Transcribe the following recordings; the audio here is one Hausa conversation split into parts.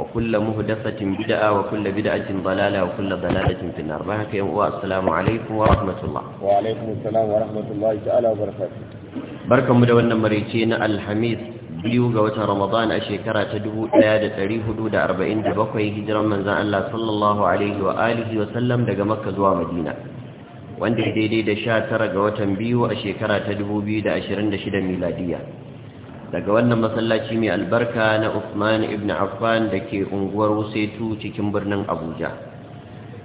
وكل مهدفة بدعة وكل بدعة ضلالة وكل ضلالة في النار بارك يا السلام عليكم wa الله وعليكم السلام ورحمة الله تعالى da wannan مدونة na Alhamis, biyu ga watan Ramadan a shekara ta 1447 hijiran manzan Allah sallallahu alaihi wa alihi wa sallam daga Makka zuwa Madina wanda daidai da 19 ga watan biyu a shekara ta 2026 miladiya daga wannan masallaci mai albarka na Uthman ibn Affan da ke unguwar Wusaitu cikin birnin Abuja.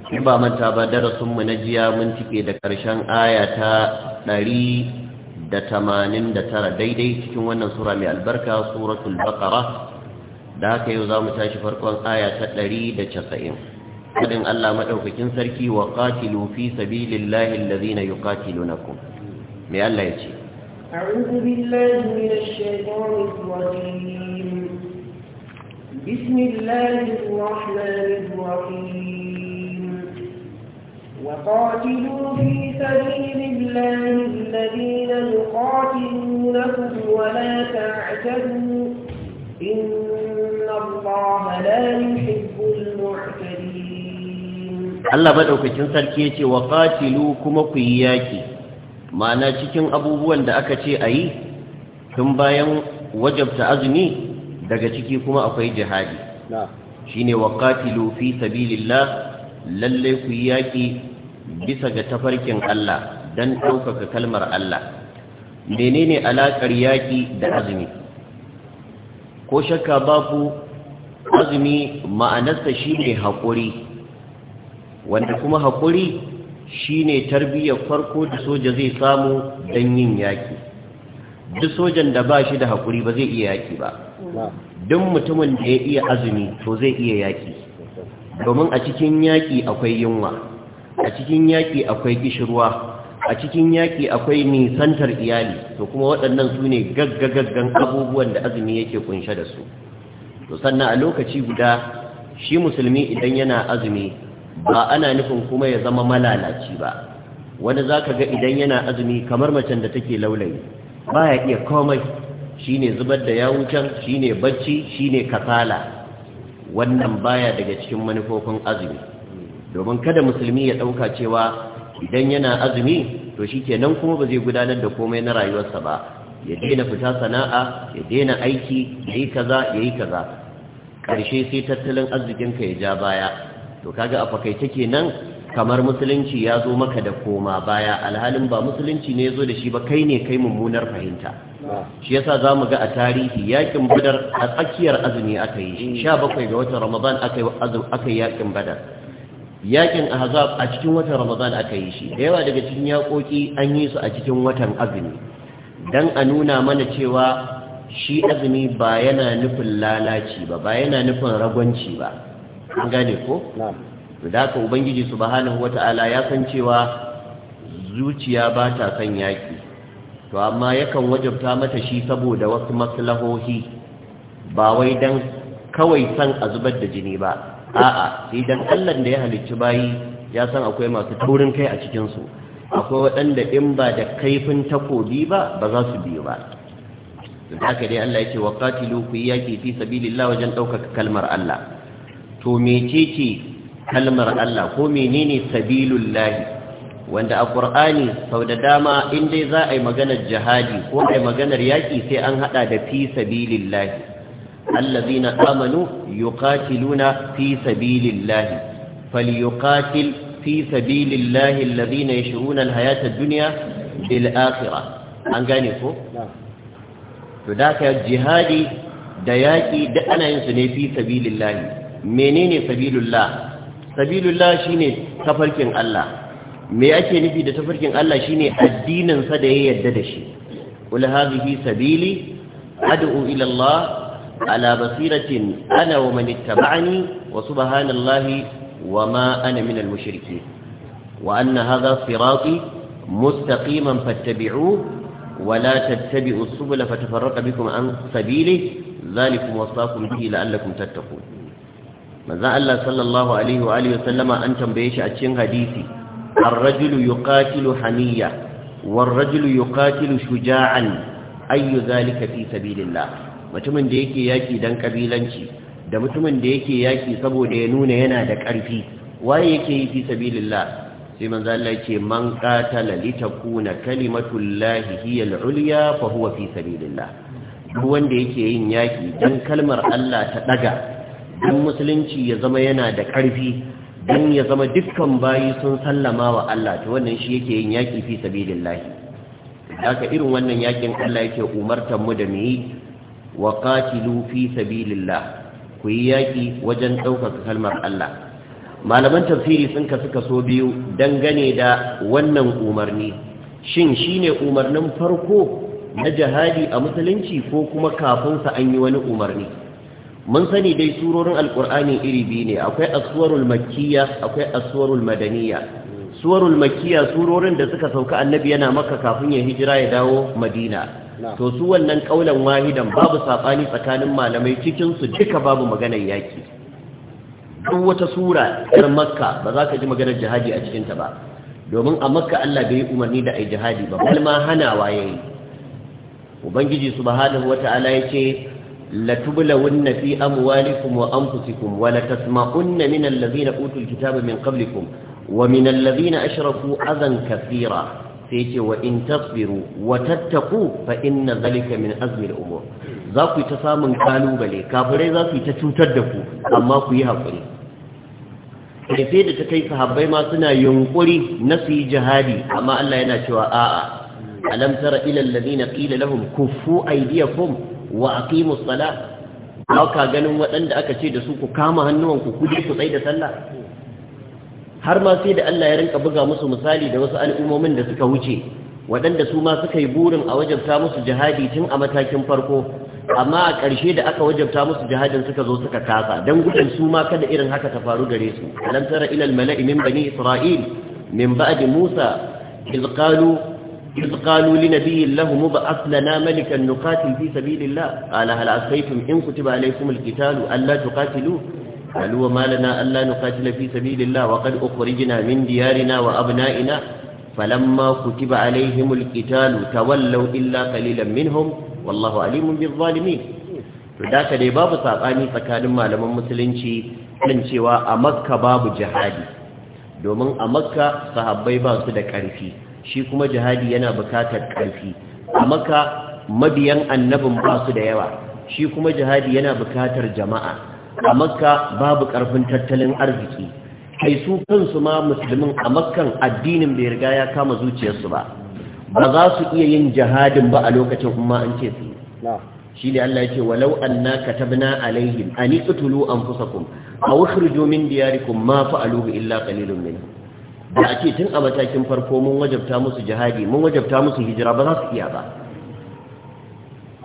In ba manta ba darasinmu na jiya mun cike da ƙarshen aya ta ɗari da tamanin da tara daidai cikin wannan sura mai albarka suratul baqara da haka yau za mu tashi farkon aya ta ɗari da casa'in. Kadin Allah maɗaukakin sarki wa ƙatilu fi sabilillahi allazina yuqatilunakum. Me Allah ya ce? أعوذ بالله من الشيطان الرجيم بسم الله الرحمن الرحيم وقاتلوا في سبيل الله الذين يقاتلونكم ولا تعتدوا إن الله لا يحب المعتدين الله بدأ في جنسة وقاتلوكم وقاتلوا في ياكي ma'ana cikin abubuwan da aka ce a yi tun bayan wajabta azumi daga ciki kuma akwai jihadi shine waqatilu fi sabilillah lalle ku yaƙi bisa ga tafarkin Allah dan ɗaukaka kalmar Allah menene alaƙar yaƙi da azumi ko shakka babu azumi ma'anarsa shi ne haƙuri wanda kuma haƙuri Shi ne tarbiyyar farko da soja zai samu don yin yaƙi. duk sojan da ba shi da haƙuri ba zai iya yaƙi ba don mutumin da ya iya azumi to zai iya yaƙi. domin a cikin yaƙi akwai yunwa a cikin yaƙi akwai gishirwa a cikin yaƙi akwai nisantar iyali to kuma waɗannan su ne gaggagaggan abubuwan da azumi yake kunshe da su sannan a lokaci guda shi musulmi idan yana azumi ba ana nufin kuma ya zama malalaci ba wani za ka ga idan yana azumi kamar macen da take laulayi ba ya iya komai shine zubar da yawucan shine bacci shine kasala wannan baya daga cikin manufofin azumi domin kada musulmi ya ɗauka cewa idan yana azumi to shi kenan kuma ba zai gudanar da komai na rayuwarsa ba ya daina fita sana'a ya daina aiki ya yi kaza ya yi kaza ƙarshe sai tattalin arzikinka ya ja baya to kaga a fakaice nan kamar musulunci ya zo maka da koma baya alhalin ba musulunci ne ya zo da shi ba kai ne kai mummunar fahimta shi yasa za mu ga a tarihi yakin badar a tsakiyar azumi aka yi sha bakwai ga watan ramadan aka yi yakin badar yakin ahzab a cikin watan ramadan aka yi shi da yawa daga cikin yakoki an yi su a cikin watan azumi dan a nuna mana cewa shi azumi ba yana nufin lalaci ba ba yana nufin ragwanci ba an gane ko da haka ubangiji subhanahu wata'ala ya san cewa zuciya ba ta son yaki to amma yakan wajabta mata shi saboda wasu maslahohi ba wai dan kawai san a zubar da jini ba a'a idan dan Allah da ya halicci bayi ya san akwai masu taurin kai a cikin su akwai waɗanda in ba da kaifin takobi ba ba za su biyu ba don haka dai Allah ya ce wa qatilu ku yaki fi sabilillah wajen ɗaukaka kalmar Allah to mecece kalmar Allah ko menene sabilullahi wanda a ƙur'ani sau da dama in dai za a yi maganar jihadi ko a yi maganar yaƙi sai an haɗa da fi sabilillahi allazina amanu yuqatiluna fi sabilillahi falyuqatil fi sabilillahi allazina yashruna alhayata ad-dunya bil akhirah an gane ko to da ka jihadi da yaƙi da ana yin su ne fi sabilillahi menene sabilullah sabilullah shine tafarkin Allah me ake nufi da tafarkin Allah shine addinin sa da ya yarda da shi qul hadhihi sabili ad'u ila Allah ala basiratin ana wa man ittaba'ani wa subhanallahi wa ma ana minal mushiriki wa anna hadha sirati mustaqiman fattabi'uhu ولا تتبعوا السبل فتفرق بكم عن سبيله ذلكم وصاكم به لعلكم تتقون manzon Allah sallallahu alaihi wa an tambaye shi a cikin hadisi ar-rajulu yuqatilu hamiya war-rajulu yuqatilu shuja'an ayu zalika fi sabilillah mutumin da yake yaki dan kabilanci da mutumin da yake yaki saboda ya nuna yana da ƙarfi waye yake yi fi sabilillah sai manzo Allah yake man qatala litakuna kalimatullahi hiya al-ulya fa huwa fi sabilillah duk wanda yake yin yaki dan kalmar Allah ta daga don musulunci ya zama yana da ƙarfi don ya zama dukkan bayi sun sallama wa Allah ta wannan shi yake yin yaƙi fi sabilillahi haka irin wannan yaƙin Allah yake umartar mu da mu yi wa qatilu fi sabilillah ku yi yaƙi wajen ɗaukaka kalmar Allah malaman tafsiri sun ka suka so biyu dangane da wannan umarni shin shine umarnin farko na jihadi a musulunci ko kuma kafin sa an yi wani umarni mun sani dai surorin alkur'ani iri biyu ne akwai aswarul makkiya akwai aswarul madaniya suwarul makkiya surorin da suka sauka annabi yana maka kafin ya hijira ya dawo madina to su wannan kaulan wahidan babu sabani tsakanin malamai cikin su duka babu maganar yaki duk wata sura ɗan makka ba za ka ji maganar jihadi a cikinta ba domin a makka Allah bai umarni da ai jihadi ba bal ma hanawa yayi ubangiji subhanahu wata'ala ce. لتبلون في أموالكم وأنفسكم ولتسمعن من الذين أوتوا الكتاب من قبلكم ومن الذين أشركوا أذى كثيرا سيتي وإن تصبروا وتتقوا فإن ذلك من أزم الأمور ذاكو تسامن قالوا بلي كافرين ذاكو تتوتدكوا أما كويها فريق rufe da ta kai sahabbai ma suna yunkuri na su yi jihadi amma Allah yana cewa a'a alam tara ila alladhina qila lahum kuffu aydiyakum wa aqimus sala ka ganin waɗanda aka ce da su ku kama hannuwan ku je ku tsaye da sallah har ma sai da Allah ya rinka buga musu misali da wasu al'ummomin da suka wuce waɗanda su ma suka yi burin a wajabta musu jihadi tun a matakin farko amma a ƙarshe da aka wajabta musu jihadin suka zo suka kasa don gudun su ma kada irin haka ta faru gare su alam tara ilal mala'i min bani isra'il min ba'di musa iz qalu إذ قالوا لنبي له مبعث لنا ملكا نقاتل في سبيل الله قال هل عصيتم إن كتب عليكم القتال ألا تقاتلوا قالوا وما لنا ألا نقاتل في سبيل الله وقد أخرجنا من ديارنا وأبنائنا فلما كتب عليهم القتال تولوا إلا قليلا منهم والله عليم بالظالمين فذاك دي باب ساباني tsakanin malaman musulunci kan cewa a makka babu jihadi domin a makka sahabbai ba su da ƙarfi shi kuma jihadi yana bukatar ƙarfi a maka mabiyan annabin ba su da yawa shi kuma jihadi yana bukatar jama'a a makka babu ƙarfin tattalin arziki kai su kansu ma musulmin a makkan addinin bai riga ya kama zuciyarsu ba ba za su iya yin jihadin ba a lokacin kuma an ce su shi ne Allah ya ce walau anna katabna alaihim an iqtulu anfusakum aw ukhriju min diyarikum ma fa'aluhu illa qalilun minhum da a tun a matakin farko mun wajabta musu jihadi mun wajabta musu hijira ba za su iya ba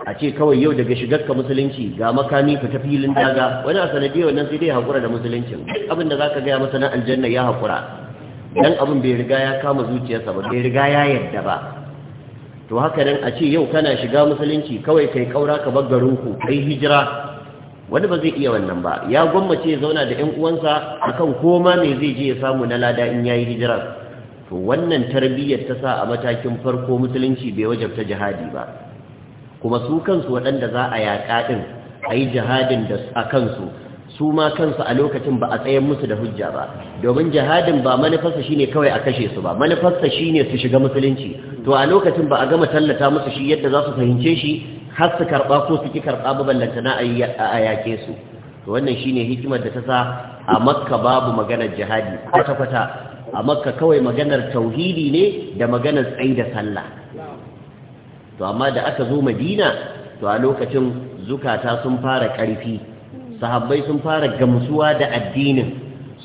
a ce kawai yau daga shigar ka musulunci ga makami ka tafi filin daga wani a sanadiyar wannan sai dai haƙura da musuluncin abin da za ka gaya masa na aljanna ya haƙura dan abin bai riga ya kama zuciyarsa ba bai riga ya yadda ba to haka nan a ce yau kana shiga musulunci kawai kai kaura ka bar garinku kai hijira wani ba zai iya wannan ba ya gwammace ya zauna da 'yan uwansa kan koma mai zai je ya samu na lada in ya yi hijira to wannan tarbiyyar ta sa a matakin farko musulunci bai wajabta jihadi ba kuma su kansu waɗanda za a yaƙa ɗin a yi jihadin da a kansu su ma kansu a lokacin ba a tsayen musu da hujja ba domin jihadin ba manufarsa shine kawai a kashe su ba manufarsa shine su shiga musulunci to a lokacin ba a gama tallata musu shi yadda za su fahimce shi har su karɓa ko su ki karɓa maballanta na a yake su to wannan shine hikimar da ta sa a makka babu maganar jihadi kwata-kwata a makka kawai maganar tauhidi ne da maganar tsayi da sallah to amma da aka zo madina to a lokacin zukata sun fara ƙarfi sahabbai sun fara gamsuwa da addinin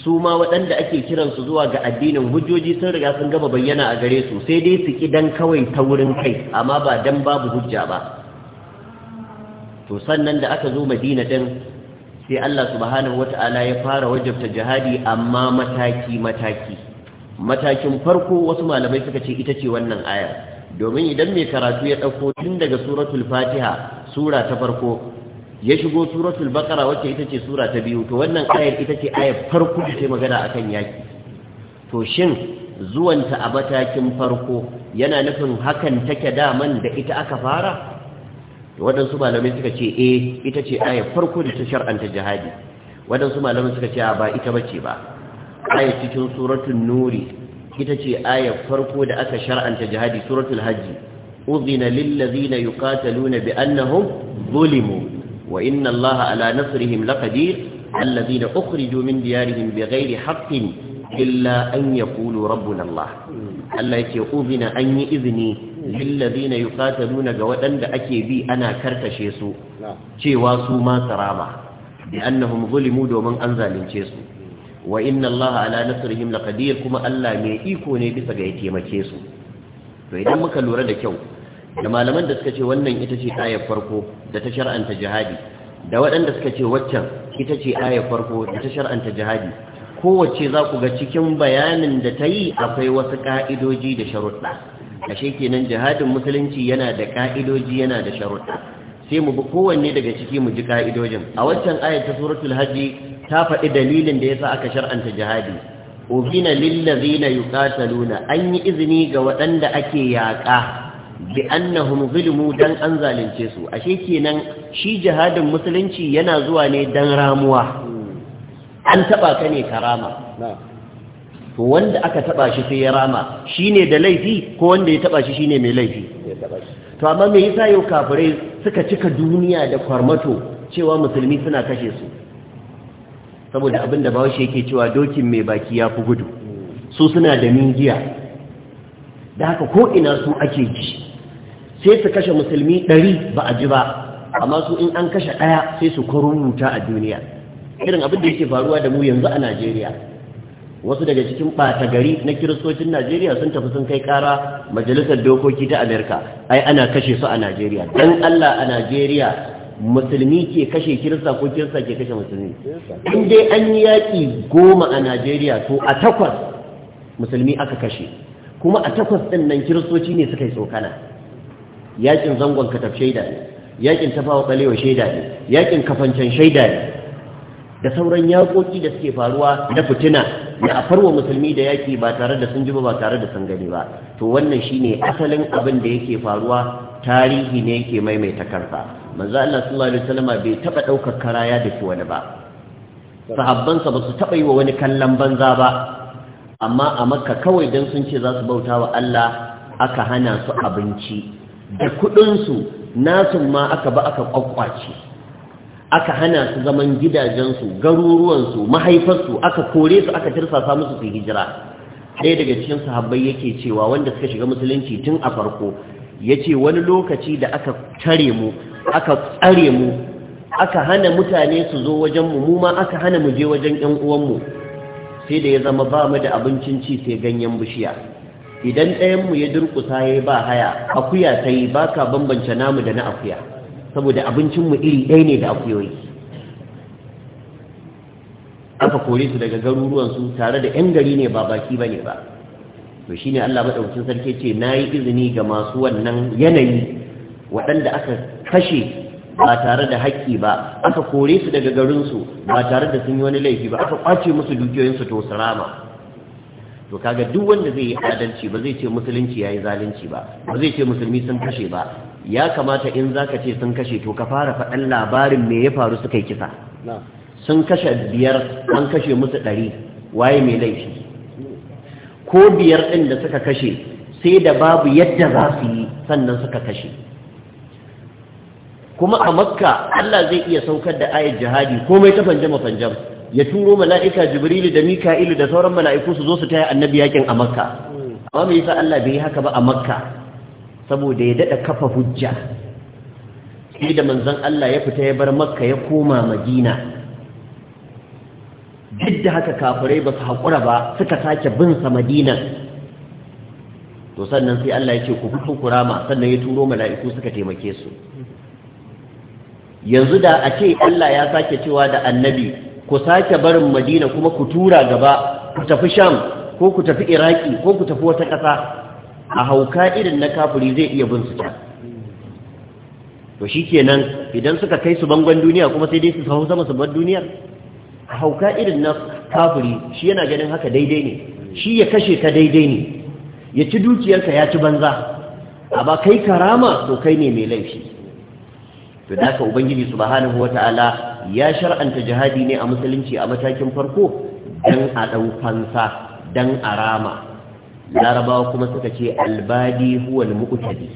su ma waɗanda ake kiransu zuwa ga addinin hujjoji sun riga sun gaba bayyana a gare su sai dai su ƙi dan kawai taurin kai amma ba dan babu hujja ba to sannan da aka zo madina din sai Allah subhanahu wata'ala ya fara wajabta jihadi amma mataki mataki matakin farko wasu malamai suka ce ita ce wannan ayar domin idan mai karatu ya ɗauko tun daga suratul fatiha sura ta farko ya shigo suratul baqara wacce ita ce sura ta biyu to wannan ayar ita ce ayar farko da ta magana akan yaki to shin zuwanta a matakin farko yana nufin hakan take daman da ita aka fara waɗansu malamai suka ce eh ita ce aya farko da ta shar'anta jihadi waɗansu malamai suka ce a ba ita bace ba aya cikin suratul nuri ita ce aya farko da aka shar'anta jihadi suratul hajji udhina lil ladhina yuqataluna bi annahum zulimu wa inna allaha ala nasrihim laqadir alladhina ukhriju min diyarihim bighairi haqqin illa an yaqulu rabbuna allah Allah yake udhina an yi izini lillazina yuqataluna ga waɗanda ake bi ana karkashe su cewa su ma sarama bi annahum zulimu domin an zalunce su wa inna allaha ala nasrihim laqadir kuma Allah mai iko ne bisa ga ya taimake su to idan muka lura da kyau da malaman da suka ce wannan ita ce ayar farko da ta shar'anta jihadi da waɗanda suka ce waccan ita ce ayar farko da ta shar'anta jihadi kowace za ku ga cikin bayanin da ta yi akwai wasu ƙa'idoji da sharuɗa ashe kenan jihadin musulunci yana da ka'idoji yana da sharuɗa sai mu bi kowanne daga ciki mu ji ka'idojin a waccan ayat ta suratul hajji ta faɗi dalilin da ya sa aka shar'anta jihadi ubina lillazina yuqataluna an yi izini ga waɗanda ake yaƙa bi annahum zulmu dan an zalunce su ashe kenan shi jihadin musulunci yana zuwa ne dan ramuwa an taba ka ne karama to wanda aka taba shi sai ya rama shine da laifi ko wanda ya taba shi shine mai laifi to amma me yasa yau kafirai suka cika duniya da kwarmato cewa musulmi suna kashe su saboda abin da bawashi yake cewa dokin mai baki ya fi gudu su suna da mingiya da haka ko ina su ake ji sai su kashe musulmi ɗari ba a ji ba amma su in an kashe ɗaya sai su kwaruruta a duniya irin abin da yake faruwa da mu yanzu a najeriya wasu daga cikin ɓata gari na kiristocin najeriya sun tafi sun kai ƙara majalisar dokoki ta amerika ai ana kashe su a najeriya don allah a najeriya musulmi ke kashe kirista ko kirista ke kashe musulmi in dai an yi yaƙi goma a najeriya to a takwas musulmi aka kashe kuma a takwas ɗin nan kiristoci ne suka yi tsokana yaƙin zangon katab shaida ne yaƙin tafawa ɓalewa shaida ne yaƙin kafancen shaida ne da sauran yaƙoƙi da suke faruwa na fitina ya farwa musulmi da yaki ba tare da sun ji ba tare da sun gani ba to wannan shine asalin abin da yake faruwa tarihi ne yake maimaita kansa manzo Allah sallallahu alaihi wasallama bai taba daukar karaya da wani ba sahabban ba su taba yi wa wani kallon banza ba amma a makka kawai dan sun ce za su bauta wa Allah aka hana su abinci da kudin su nasun ma aka ba aka kwakwace aka hana su zaman gidajensu garuruwansu mahaifarsu aka kore su aka tirsasa musu su hijira ɗaya daga cikin sahabbai yake cewa wanda suka shiga musulunci tun a farko yace wani lokaci da aka tare mu aka tsare mu aka hana mutane su zo wajen mu ma aka hana mu je wajen ƴan uwanmu sai da ya zama ba mu da abincin ci sai ganyen bishiya idan ɗayan mu ya durƙusa yayi ba haya akuya ta baka bambance namu da na akuya saboda abincinmu iri ɗaya ne da akuyoyi aka kore su daga su tare da 'yan gari ne ba baki ba ne ba to shi ne allah maɗaukacin sarki ce na yi izini ga masu wannan yanayi waɗanda aka kashe ba tare da haƙƙi ba aka kore su daga garinsu ba tare da sun yi wani laifi ba aka ƙwace musu dukiyoyinsu to su rama to kaga duk wanda zai yi adalci ba zai ce musulunci yayi zalunci ba ba zai ce musulmi sun kashe ba ya kamata in zaka ce sun kashe to ka fara faɗan labarin me ya faru suka yi kisa sun kashe biyar an kashe musu ɗari waye mai laifi ko biyar ɗin da suka kashe sai da babu yadda za su yi sannan suka kashe kuma a makka Allah zai iya saukar da ayat jihadi komai ta fanjama fanjam ya turo mala'ika jibrilu da mika'ilu da sauran mala'iku su zo su taya annabi yakin a makka hmm. amma me yasa Allah bai yi haka ba a makka saboda ya dada kafa hujja sai da manzon Allah ya fita ya bar makka ya koma madina duk da haka kafirai ba su haƙura ba suka sake bin sa madina to sannan sai Allah ya ce ku fito kurama sannan ya turo mala'iku suka taimake su yanzu da a ce Allah ya sake cewa da annabi ku sake barin madina kuma ku tura gaba ku tafi sham ko ku tafi iraki ko ku tafi wata ƙasa a hauka irin na kafuri zai iya bin su ta, to shikenan idan suka kai su bangon duniya kuma sai dai su sahu sama su bar duniyar a hauka irin na kafuri shi yana ganin haka daidai ne shi ya kashe ka daidai ne ya ci dukiyarka ya ci banza A ba kai karama to kai ne mai laifi to da ka ubangiji subhanahu wata'ala ya shar'anta jihadi ne a musulunci a matakin farko dan a ɗaukansa dan a rama larabawa kuma suka ce albadi huwal mu'tadi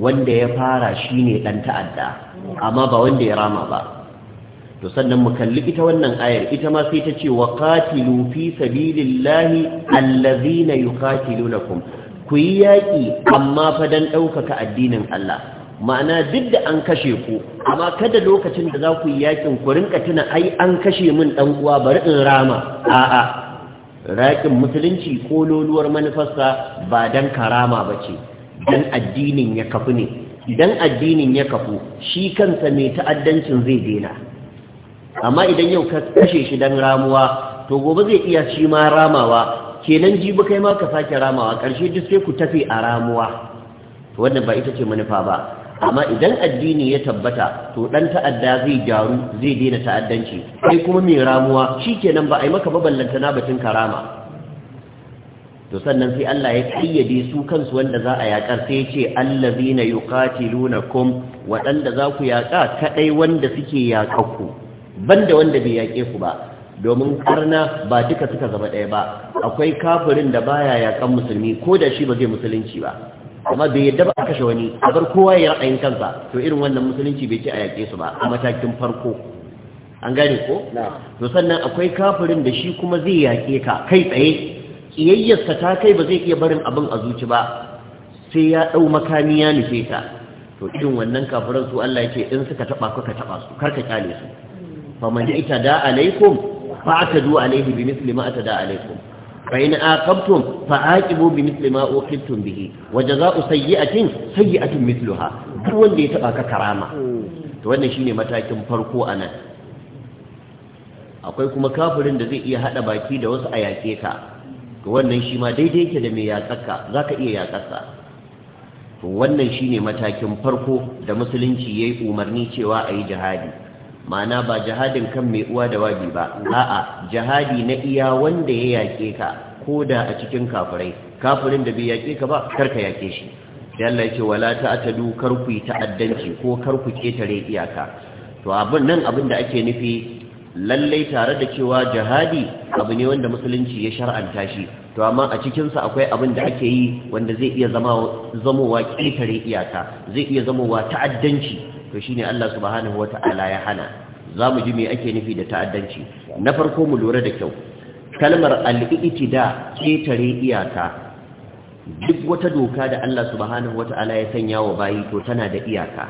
wanda ya fara shine dan ta'adda amma ba wanda ya rama ba to sannan mu kalli ita wannan ayar ita ma sai ta ce wa qatilu fi sabilillahi allazina yuqatilunakum ku yi yaƙi amma fa dan ɗaukaka addinin Allah ma'ana duk da an kashe ku amma kada lokacin da za ku yi yaƙin ku rinka tuna ai an kashe min ɗan uwa bari in rama a'a raƙin musulunci ko loluwar manufarsa ba don karama ba ce don addinin ya kafu ne idan addinin ya kafu shi kansa mai ta'addancin zai dena amma idan yau ka kashe shi don ramuwa to gobe zai iya shi ma ramawa kenan jibi kai ma ka sake ramawa ƙarshe duk sai ku tafi a ramuwa wannan ba ita ce manufa ba amma idan addini ya tabbata to dan ta'adda zai gyaru zai daina ta'addanci kai kuma mai ramuwa shi shikenan ba a yi maka baballanta na batun karama to sannan sai Allah ya kayyade su kansu wanda za a yaƙar, sai ya ce allazina yuqatilunakum waɗanda za ku yaƙa kaɗai wanda suke yaƙakku banda wanda bai yaƙe ku ba domin karna ba duka suka zama ɗaya ba akwai kafirin da baya yaƙan musulmi ko da shi ba zai musulunci ba amma bai yadda ba a kashe wani a bar kowa ya ra'ayin kansa to irin wannan musulunci bai ce a yaƙe su ba a matakin farko an gane ko to sannan akwai kafirin da shi kuma zai yaƙe ka kai tsaye kiyayyarsa ta kai ba zai iya barin abin a zuci ba sai ya ɗau makami ya nufe ka to irin wannan kafirin su Allah ce in suka taɓa ka ka taɓa su kar ka kyale su Fa man ita da alaikum fa atadu alaihi bi misli ma atada alaikum fa in aqabtum fa aqibu bi mithli ma uqibtum bihi wa jazaa'u sayyi'atin sayyi'atun mithluha duk wanda ya taba ka karama to wannan shine matakin farko anan akwai kuma kafirin da zai iya haɗa baki da wasu a yake to wannan shi ma daidai yake da mai yatsarka zaka iya yatsarsa to wannan shine matakin farko da musulunci yayi umarni cewa a yi jihadi ma'ana ba jihadin kan mai uwa da wabi ba a'a jihadi na iya wanda ya yake ka ko da a cikin kafirai kafirin da bai yake ka ba ka yake shi sai Allah yake wala ta'tadu karku ta'addanci ko karku ketare iyaka to abin nan abin da ake nufi lallai tare da cewa jihadi abu ne wanda musulunci ya shar'anta shi to amma a cikinsa akwai abin da ake yi wanda zai iya zamowa ƙetare iyaka zai iya zamowa ta'addanci to shine Allah subhanahu wata'ala ya hana za mu ji me ake nufi da ta'addanci na farko mu lura da kyau kalmar al da ƙetare iyaka duk wata doka da Allah subhanahu wata'ala ya sanya wa bayi to tana da iyaka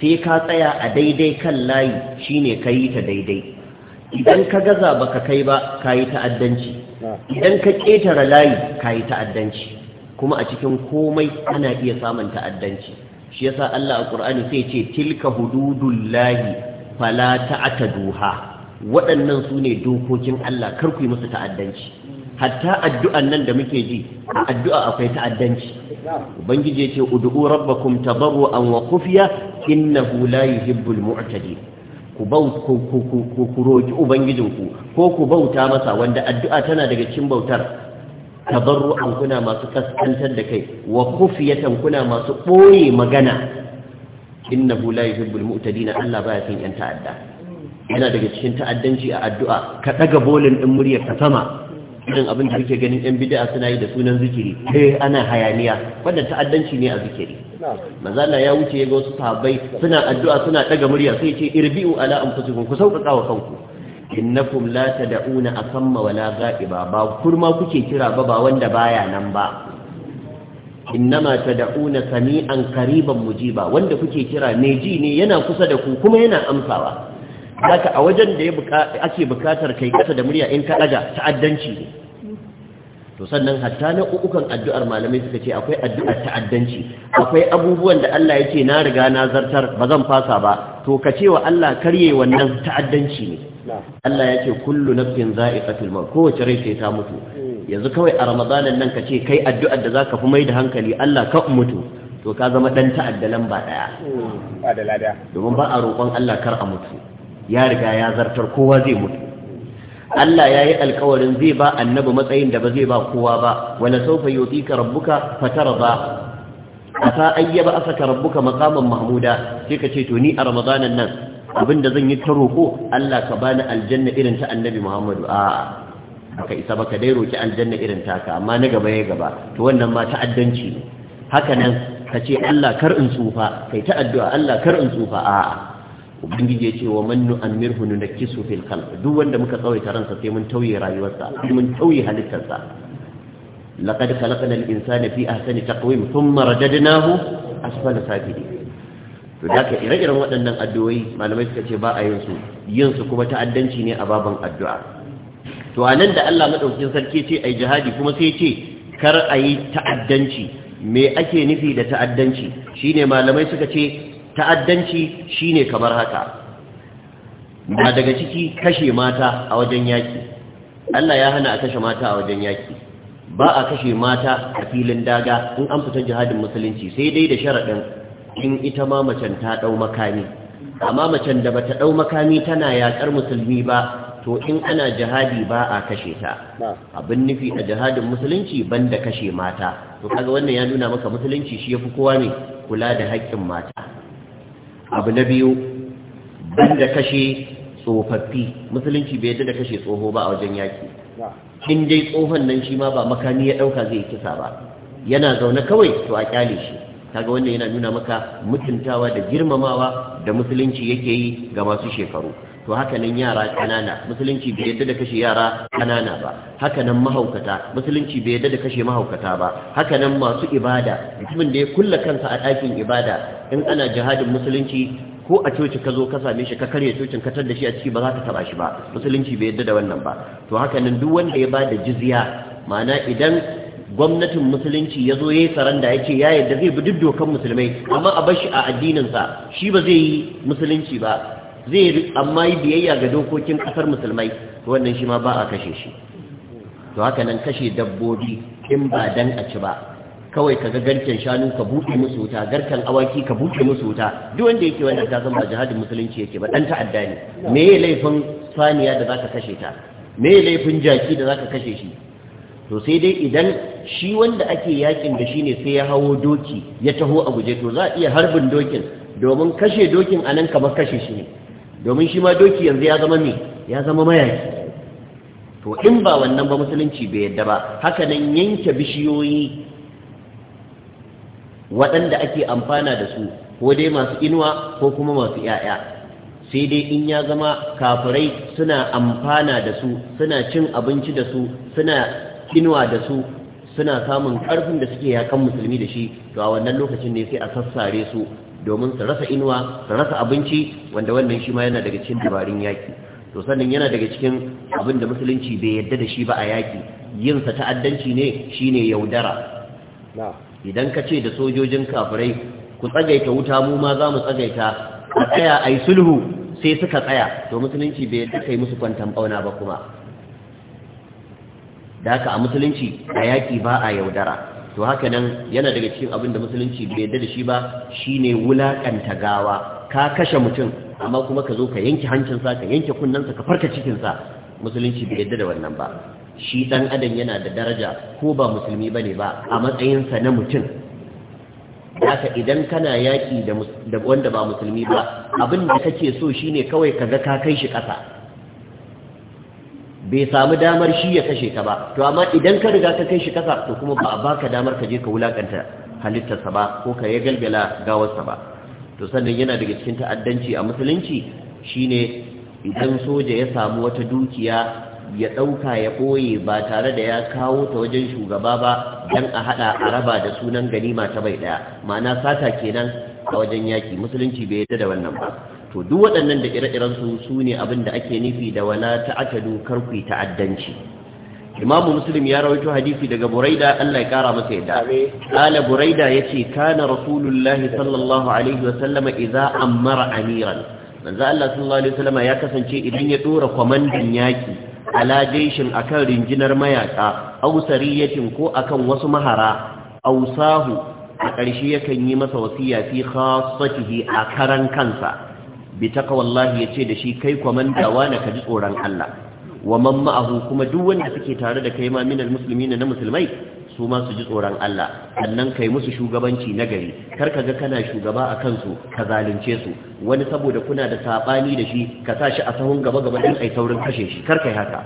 sai ka tsaya a daidai kan layi shine kai ta daidai idan ka gaza baka kai ba kayi ta'addanci idan ka ƙetare layi kayi ta'addanci kuma a cikin komai ana iya samun ta'addanci shi yasa Allah a Qur'ani sai ce tilka hududullahi fala ta'taduha waɗannan su ne dokokin Allah kar ku yi musu ta'addanci hatta addu'an nan da muke ji a addu'a akwai ta'addanci ubangiji ya ce ud'u rabbakum tadarruan wa khufiya innahu la yuhibbul mu'tadin ku ku ku ku roki ubangijinku ko ku bauta masa wanda addu'a tana daga cikin bautar tabarru'an kuna masu kaskantar da kai wa kufiyatan kuna masu ɓoye magana innahu la yuhibbul mu'tadina Allah baya son yan ta'adda yana daga cikin ta'addanci a addu'a ka daga bolin din muryar ka sama irin abin da kake ganin yan bid'a suna yi da sunan zikiri eh ana hayaniya wannan ta'addanci ne a zikiri Mazana ya wuce ya ga wasu sahabbai suna addu'a suna daga murya sai ce irbi'u ala anfusikum ku sauka wa kanku innakum la tad'una asamma wala ghaiba ba kurma kuke kira ba ba wanda baya nan ba innama tad'una sami'an qariban mujiba wanda kuke kira ne ji ne yana kusa da ku kuma yana amsawa haka a wajen da ake bukatar kai kasa da murya in ka daga ta'addanci ne to sannan hatta na ukukan addu'ar malamai suka ce akwai addu'ar ta'addanci akwai abubuwan da Allah yake na riga na zartar ba zan fasa ba to ka ce wa Allah karye wannan ta'addanci ne Allah ya ce kullu nafsin za'iqatul maut kowace rai sai ta mutu hmm. yanzu kawai a ramadanan nan ka ce kai addu'ar da zaka fi mai da hankali Allah ka mutu to ka zama dan ta'adda lamba daya hmm. ba da domin ba a roƙon Allah kar a mutu ya riga ya zartar kowa zai mutu Allah ya yi alkawarin zai ba annabi matsayin da ba zai ba kowa ba wala saufa yutika rabbuka fatarda asa ayyaba asaka rabbuka maqaman mahmuda sai ka ce to ni a ramadanan nan abinda zan yi ta roko Allah ka bani aljanna irin ta annabi Muhammadu a'a baka isa baka dai roki aljanna irin taka amma na gaba ya gaba to wannan ma ta'addanci ne haka nan ka ce Allah kar in tsufa kai ta addu'a Allah kar in tsufa a'a ubangiji ya ce wa man nu'ammirhu nunakkisu fil duk wanda muka tsawaita ransa sai mun tauye rayuwarsa mun tauye halittarsa laqad khalaqnal insana fi ahsani taqwim thumma radadnahu asfala safilin to da ka ire-iren waɗannan addu'o'i malamai suka ce ba a yin su yin su kuma ta'addanci ne a baban addu'a to a nan da Allah maɗaukin sarki ce ai jihadi kuma sai ce kar a yi ta'addanci me ake nufi da ta'addanci shine malamai suka ce ta'addanci shine kamar haka ba daga ciki kashe mata a wajen yaki Allah ya hana a kashe mata a wajen yaki ba a kashe mata a filin daga in an fita jihadin musulunci sai dai da sharaɗin in ita ma macen ta ɗau makami amma macen da bata ɗau makami tana yaƙar musulmi ba to in ana jihadi ba a kashe ta abin nufi a jihadin musulunci ban da kashe mata to kaga wannan ya nuna maka musulunci shi ya fi kowa ne kula da haƙƙin mata abu na biyu ban da kashe tsofaffi musulunci bai yadda da kashe tsoho ba a wajen yaƙi in dai tsohon nan shi ma ba makami ya ɗauka zai kisa ba yana zaune kawai to a kyale shi kaga wannan yana nuna maka mutuntawa da girmamawa da musulunci yake yi ga masu shekaru to haka nan yara kanana musulunci bai yadda da kashe yara kanana ba haka nan mahaukata musulunci bai yadda da kashe mahaukata ba haka nan masu ibada mutumin da ya kulla kansa a ɗakin ibada in ana jihadin musulunci ko a coci ka zo ka same shi ka karya cocin ka tar da shi a ciki ba za ka taba shi ba musulunci bai yadda da wannan ba to haka nan duk wanda ya bada jizya ma'ana idan gwamnatin musulunci ya zo ya yi saranda ya ce ya yadda zai bi duk dokan musulmai amma a bashi a addininsa shi ba zai yi musulunci ba zai amma yi biyayya ga dokokin kasar musulmai wannan shi ma ba a kashe shi to haka nan kashe dabbobi in ba dan a ci ba kawai ka ga garken shanu ka buɗe musu wuta garken awaki ka buɗe musu wuta duk wanda yake wannan ta zama jihadin musulunci yake ba dan ta'adda ne me laifin saniya da zaka kashe ta me laifin jaki da zaka kashe shi to sai dai idan shi wanda ake yakin da shi ne sai ya hawo doki ya taho a guje to za a iya harbin dokin domin kashe dokin a nan kamar kashe shi ne domin shi ma doki yanzu ya zama mai, ya zama mayaki to in ba wannan ba musulunci bai yadda ba haka nan yanke bishiyoyi waɗanda ake amfana da su ko dai masu inuwa ko kuma masu 'ya'ya sai dai in ya zama kafirai suna amfana da su suna cin abinci da su suna inuwa da su suna samun ƙarfin da suke yakan musulmi da shi to a wannan lokacin ne sai a sassare su domin su rasa inuwa su rasa abinci wanda wannan shi ma yana daga cikin dabarun yaƙi, to sannan yana daga cikin abin da musulunci bai yadda da shi ba a yaƙi, yin sa ta'addanci ne shine yaudara idan ka ce da sojojin kafirai ku tsagaita wuta mu ma za mu tsagaita a tsaya ai sulhu sai suka tsaya to musulunci bai yadda kai musu kwantan bauna ba kuma da haka a musulunci a yaƙi ba a yaudara to haka nan yana daga cikin abin da musulunci bai yarda da shi ba shi ne wulaƙanta gawa ka kashe mutum amma kuma ka zo ka yanke hancinsa ka yanke kunnensa ka farka cikinsa musulunci bai yarda da wannan ba shi ɗan adam yana da daraja ko ba musulmi bane ba a matsayinsa na mutum haka idan kana yaƙi da wanda ba musulmi ba abin da kake so shine kawai ka ga ka kai shi ƙasa bai samu damar shi ya kashe ka ba to amma idan ka riga ka kai shi kasa to kuma ba a baka damar ka je ka wulakanta halittarsa ba ko ka yi galbela gawarsa ba to sannan yana daga cikin ta'addanci a musulunci shine idan soja ya samu wata dukiya ya ɗauka ya ɓoye ba tare da ya kawo ta wajen shugaba ba don a haɗa a raba da sunan ganima ta bai ɗaya ma'ana sata kenan a wajen yaki musulunci bai yarda da wannan ba to duk waɗannan da ire-iren su su ne abin da ake nufi da wala ta'atadu karku ta'addanci imamu muslim ya rawaito hadisi daga buraida Allah ya kara masa yadda ala buraida yace kana rasulullahi sallallahu alaihi wa sallama idza amara amiran manzo Allah sallallahu alaihi wa ya kasance idan ya dora kwamandan yaki ala jaishin akan rinjinar mayaka aw sariyatin ko akan wasu mahara ausahu a ƙarshe yakan yi masa wasiya fi khassatihi a karan kansa bi taqwallahi yace da shi kai kwamandawa na kaji tsoron Allah wa man ma'ahu kuma duk wanda suke tare da kai ma minal muslimin na musulmai su ma su ji tsoron Allah sannan kai musu shugabanci na gari kar ka ga kana shugaba a kansu ka zalunce su wani saboda kuna da sabani da shi ka sa shi a sahun gaba gaba din ai saurin kashe shi kar kai haka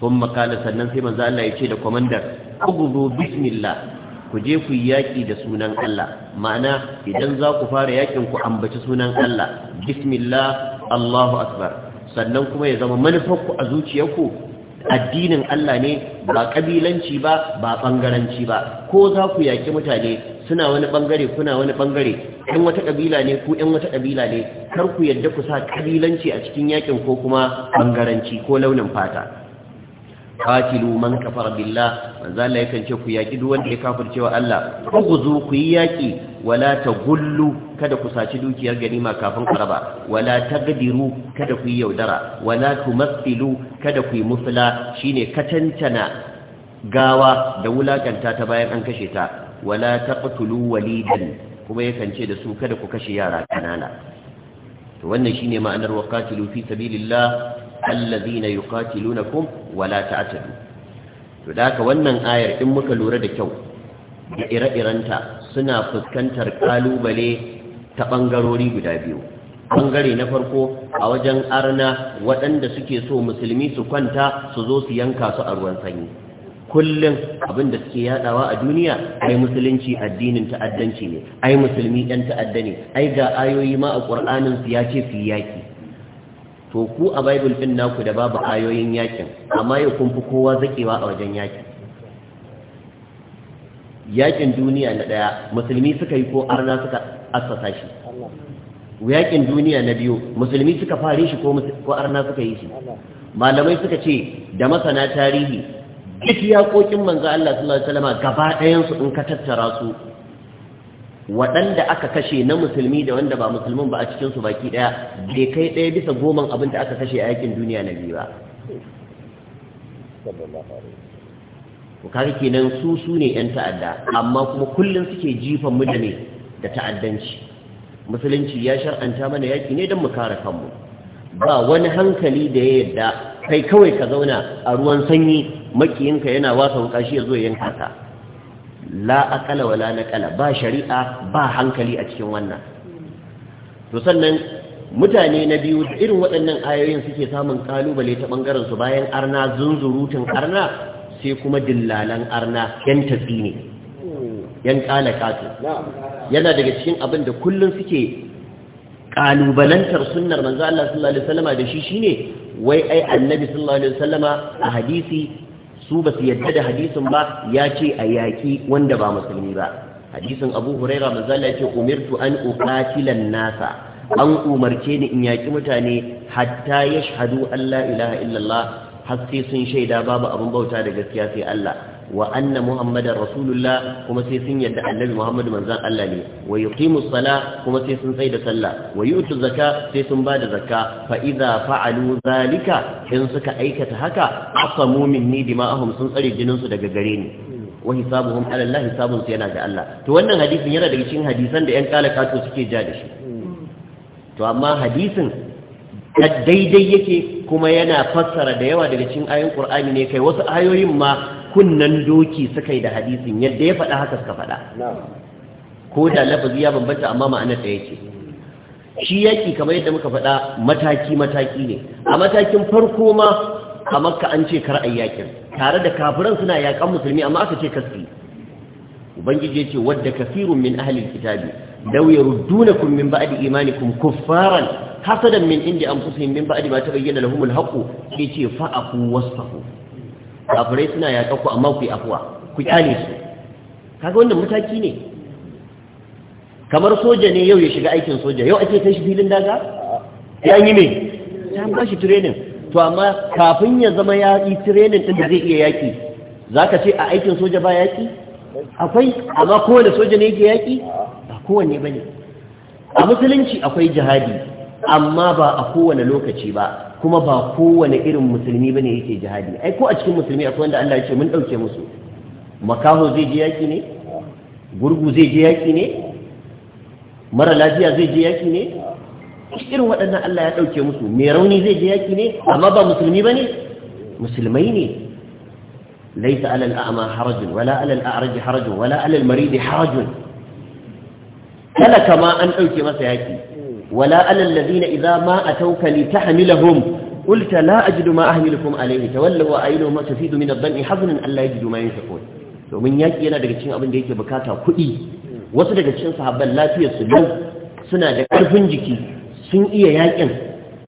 sun makala sannan sai manzo Allah ya ce da kwamandar ugudu bismillah ku je ku yi yaƙi da sunan Allah ma'ana idan za ku fara yaƙin ku ambaci sunan Allah bismillah Allahu akbar sannan kuma ya zama manufar manufarku a zuciyarku addinin Allah ne ba kabilanci ba ba bangaranci ba ko za ku yaƙi mutane suna wani bangare kuna wani bangare ɗan wata kabila ne ko ɗan wata ƙabila ne kar ku yadda ku sa kabilanci a cikin yaƙin ko kuma bangaranci ko launin fata qatilu man kafara billah manzo Allah yakan ce ku yaki duk wanda ya kafirce wa Allah ku guzu ku yi yaki wala tagullu kada ku saci dukiyar ganima kafin karaba wala tagdiru kada ku yi yaudara wala tumathilu kada ku yi musla shine katantana gawa da wulakanta ta bayan an kashe ta wala taqtulu walidan kuma yakan ce da su kada ku kashe yara kanana to wannan shine ma'anar waqatilu fi sabilillah الذين يقاتلونكم wala تعتدوا to wannan ayar in muka lura da kyau da ire-irenta suna fuskantar kalubale ta bangarori guda biyu bangare na farko a wajen arna waɗanda suke so musulmi su kwanta su zo su yanka su a ruwan sanyi kullum abinda suke yadawa a duniya ai musulunci addinin ta'addanci ne ai musulmi ɗan ta'adda ne ai ga ayoyi ma a ƙur'anin su ya ce su yaki to ku a bible din naku da babu ayoyin yakin amma ya kun fi kowa zakewa a wajen yakin yakin duniya na daya musulmi suka yi ko arna suka assasa shi yakin duniya na biyu musulmi suka fare shi ko ko arna suka yi shi malamai suka ce da masana tarihi duk yakokin manzo Allah sallallahu alaihi wasallam gaba ɗayan su in ka tattara su waɗanda aka kashe na musulmi da wanda ba musulmin ba a cikinsu baki ɗaya bai kai ɗaya bisa goman abin da aka kashe a yakin duniya na biyu ba ku kaga kenan su su ne 'yan ta'adda amma kuma kullum suke jifan mu da ne da ta'addanci musulunci ya shar'anta mana yaki ne don mu kare kanmu ba wani hankali da ya yadda kai kawai ka zauna a ruwan sanyi makiyinka yana wasa wuka shi ya zo yanka ka la aqala wala naqala ba shari'a ba hankali a cikin wannan to sannan mutane na biyu irin waɗannan ayoyin suke samun kalubale ta bangaren su bayan arna zunzurutun arna sai kuma dillalan arna yan tafi ne yan kala katu yana daga cikin abin da kullun suke kalubalantar sunnar manzo Allah sallallahu alaihi wasallama da shi shine wai ai annabi sallallahu alaihi wasallama a hadisi su ba su yadda da hadisin ba ya ce a yaƙi wanda ba musulmi ba hadisin abu huraira manzo ya ce umirtu an uqatilan nasa an umarce ni in yaƙi mutane hatta ya shahadu Allah ilaha illallah har sai sun shaida babu abin bauta da gaskiya sai Allah wa anna muhammadar rasulullah kuma sai sun yadda annabi muhammadu manzan Allah ne wa yuqimus sala kuma sai sun tsai da sallah wa yutu zakka sai sun bada zakka fa idza fa'alu zalika in suka aikata haka asamu minni dima'ahum sun tsare jinin su daga gare ni wa hisabuhum ala Allah hisabun su yana ga Allah to wannan hadisin yana daga cikin hadisan da yan kalakato suke ja da shi to amma hadisin daidai yake kuma yana fassara da yawa daga cikin ayoyin Qur'ani ne kai wasu ayoyin ma kunnan doki suka yi da hadisin yadda ya faɗa haka suka faɗa ko da lafazi ya bambanta amma ma'ana ta yake shi yaki kamar yadda muka faɗa mataki mataki ne a matakin farko ma a makka an ce kar yakin tare da kafiran suna yakan musulmi amma aka ce kasfi ubangiji ya ce wadda kafirun min ahalin kitabi rudduna kun min ba'di imanikum kuffaran hasadan min indi anfusihim min ba'di ma tabayyana lahumul haqq yace fa'afu wasfahu kafirai suna yaƙa ku amma ku yi afuwa ku kyale su kaga wannan mataki ne kamar soja ne yau ya shiga aikin soja yau ake kai shi filin daga ya yi ne ta ba shi training to amma kafin ya zama ya yi training din da zai iya yaƙi za ka ce a aikin soja ba yaƙi akwai amma kowane soja ne yake yaƙi ba kowane ba ne a musulunci akwai jihadi amma ba a kowane lokaci ba kuma ba kowane irin musulmi bane yake jihadi ai ko a cikin musulmi akwai wanda Allah ya ce mun dauke musu makaho zai je yaki ne gurgu zai je yaki ne mara lafiya zai je yaki ne irin waɗannan Allah ya dauke musu me rauni zai je yaki ne amma ba musulmi bane musulmai ne laysa alal a'ma harajun wala alal a'raj harajun wala alal marid harajun kala kama an dauke masa yaki wala alal ladina idza ma a litahmilahum قلت لا أجد ما أهملكم عليه تولوا وأعينهم ما تفيد من الظن حظنا أن لا يجدوا ما ينفقون domin yaƙi yana daga cikin abin da yake bukata kuɗi wasu daga cikin sahabban lafiyar su lau suna da ƙarfin jiki sun iya yaƙin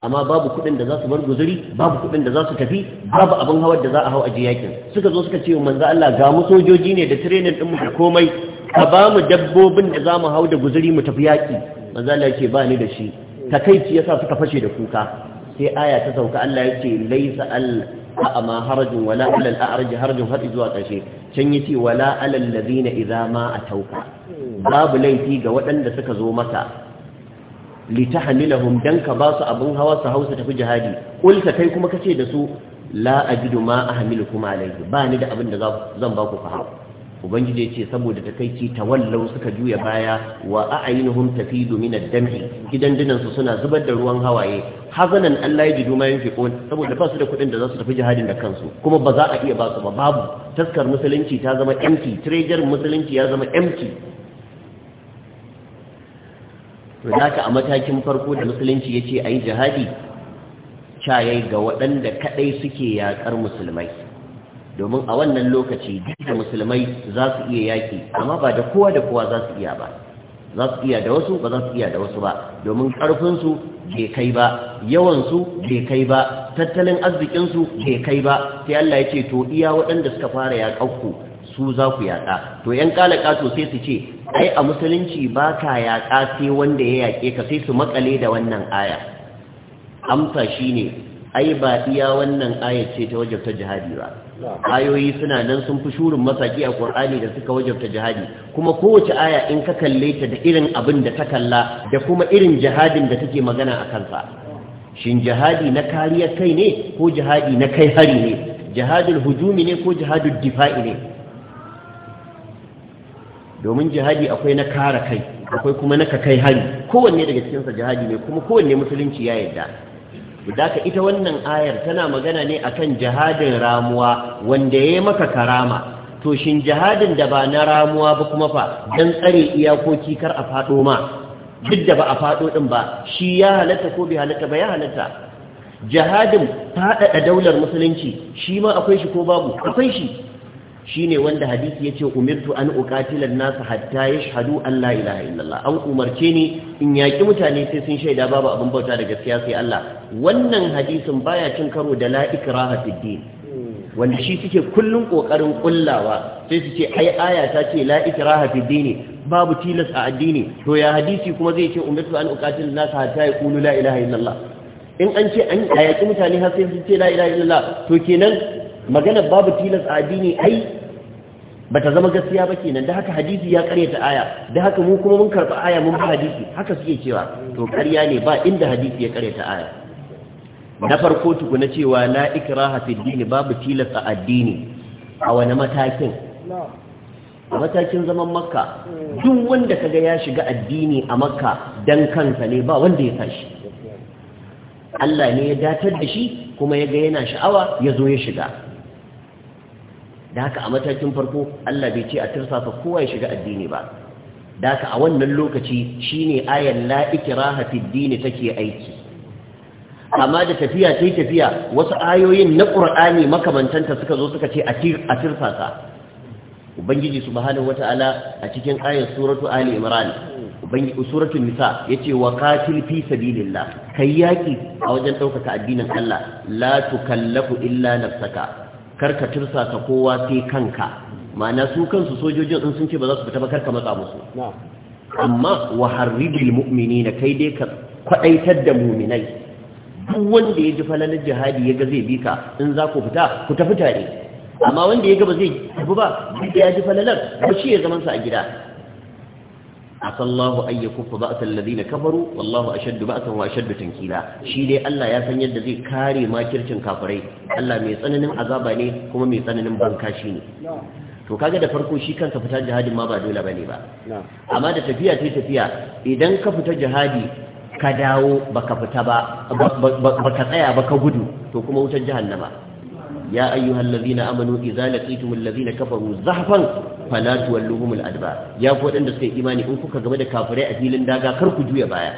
amma babu kuɗin da za su bar guzuri babu kuɗin da za su tafi babu abin hawar da za a hau aje yaƙin suka zo suka ce manzo Allah ga mu sojoji ne da training din mu komai ka ba mu dabbobin da za mu hau da guzuri mu tafi yaki manzo Allah yake ba ni da shi takeici yasa suka fashe da kuka sai aya ta sauka Allah yake laysa al a'ma harajin wala alal a'raj harajun har zuwa kashe can ce wala alal ladina idza ma tauka babu laifi ga waɗanda suka zo maka litahmilahum dan ka ba su abin hawa su hausa tafi jihadi kulta kai kuma kace da su la ajidu ma ahmilukum alayhi ba ni da abin da zan ba ku fa ubangiji ce saboda takaici tawallau suka juya baya wa a'aynuhum tafidu min ad-dam'i idan su suna zubar da ruwan hawaye hazanan Allah ya jidu ma yunfiqun saboda ba su da kuɗin da za su tafi jihadin da kansu kuma ba za a iya ba su ba babu taskar musulunci ta zama empty treasure musulunci ya zama empty to a matakin farko da musulunci yace ayi jihadi cayayi ga waɗanda kadai suke yakar musulmai domin a wannan lokaci duk da musulmai za su iya yaƙi amma ba da kowa da kowa za su iya ba za su iya da wasu ba za su iya da wasu ba domin ƙarfinsu bai kai ba yawansu bai kai ba tattalin arzikinsu bai kai ba sai Allah ya ce to iya waɗanda suka fara yaƙanku su za ku yaƙa to ‘yan ƙalaƙa to sai su ce ai a musulunci ba ka yaƙa sai wanda ya yaƙe ka sai su maƙale da wannan aya amsa shine ai ba iya wannan aya ce ta wajabta jihadi ba ayoyi suna nan sun fi shurin masaki a ƙwar'ani da suka wajabta jihadi kuma kowace aya in ka kalle ta da irin abin da ta kalla da kuma irin jihadin da take magana a kansa shin jihadi na kariyar kai ne ko jihadi na kai hari ne jihadul hujumi ne ko jihadul difa'i ne domin jihadi akwai na kara kai akwai kuma na kai hari kowanne daga cikinsa jihadi ne kuma kowanne musulunci ya yarda ka ita wannan ayar tana magana ne akan jihadin ramuwa wanda ya maka karama to shin jihadin da ba na ramuwa ba kuma fa dan tsare iyakoki kar a fado ma duk da ba a faɗo ɗin ba shi ya halatta ko bai halatta ba ya halatta jihadin faɗaɗa daular musulunci shi ma akwai shi ko babu akwai shi shi ne wanda hadisi ya ce umirtu an uƙatilar nasa hatta ya shahadu Allah ilaha illallah an umarce ni in yaƙi mutane sai sun shaida babu abin bauta da gaskiya sai Allah wannan hadisin baya cin karo da la ikraha wanda shi suke kullum kokarin kullawa sai su ce ai aya ta ce la ikraha fid din babu tilas a addini to ya hadisi kuma zai ce ummatu an uqatil nas hatta yaqulu la ilaha illallah in an ce an yaƙi mutane har sai su ce la illallah to kenan magana babu tilas a addini ai bata zama gaskiya ba kenan da haka hadisi ya karyata aya da haka mu kuma mun karɓi aya mun ba hadisi haka suke cewa to karya ne ba inda hadisi ya karyata aya na farko tukuna cewa la ikraha fi dini babu tilasta addini a wani matakin a matakin zaman makka duk wanda kaga ya shiga addini a makka dan kansa ne ba wanda ya tashi Allah ne ya datar da shi kuma ya ga yana sha'awa ya zo ya shiga da haka a matakin farko Allah bai ce a tirsasa kowa ya shiga addini ba da haka a wannan lokaci shine ayan la ikraha fi dini take aiki amma da tafiya ta yi tafiya wasu ayoyin na ƙur'ani makamantanta suka zo suka ce a tirsasa ubangiji subhanahu wata'ala a cikin ayar suratu ali imran ubangiji suratu nisa ce wa qatil fi sabilillah kai yaki a wajen ɗaukaka addinin Allah la tukallafu illa nafsaka karka ka kowa sai kanka ma'ana su kansu sojojin in sun ce ba za su fita ba karka matsa musu amma wa harridil mu'minina kai dai ka kwadaitar da mu'minai duk wanda ya ji falalar jihadi ya ga zai bi ka in za ku fita ku tafi tare amma wanda ya ga ba zai tafi ba duk ya ji falalar ba shi ya zaman sa a gida عسى الله أن يكف بأس الذين كفروا والله أشد wa وأشد Tankila. Shi dai Allah ya san yadda zai kare ما كرتن كافري الله tsananin azaba ne kuma mai tsananin shi ne to kaga da farko shi kansa fita jihadin ma ba dole bane ba amma da tafiya ta tafiya idan ka fita jihadi ka dawo baka fita ba baka tsaya baka gudu to kuma wutar jahannama ya ayyuhal ladina amanu idza laqitumul ladina kafaru zahfan fala tuwalluhumul adbar ya ku wadanda suka imani in kuka game da kafirai a filin daga kar ku juya baya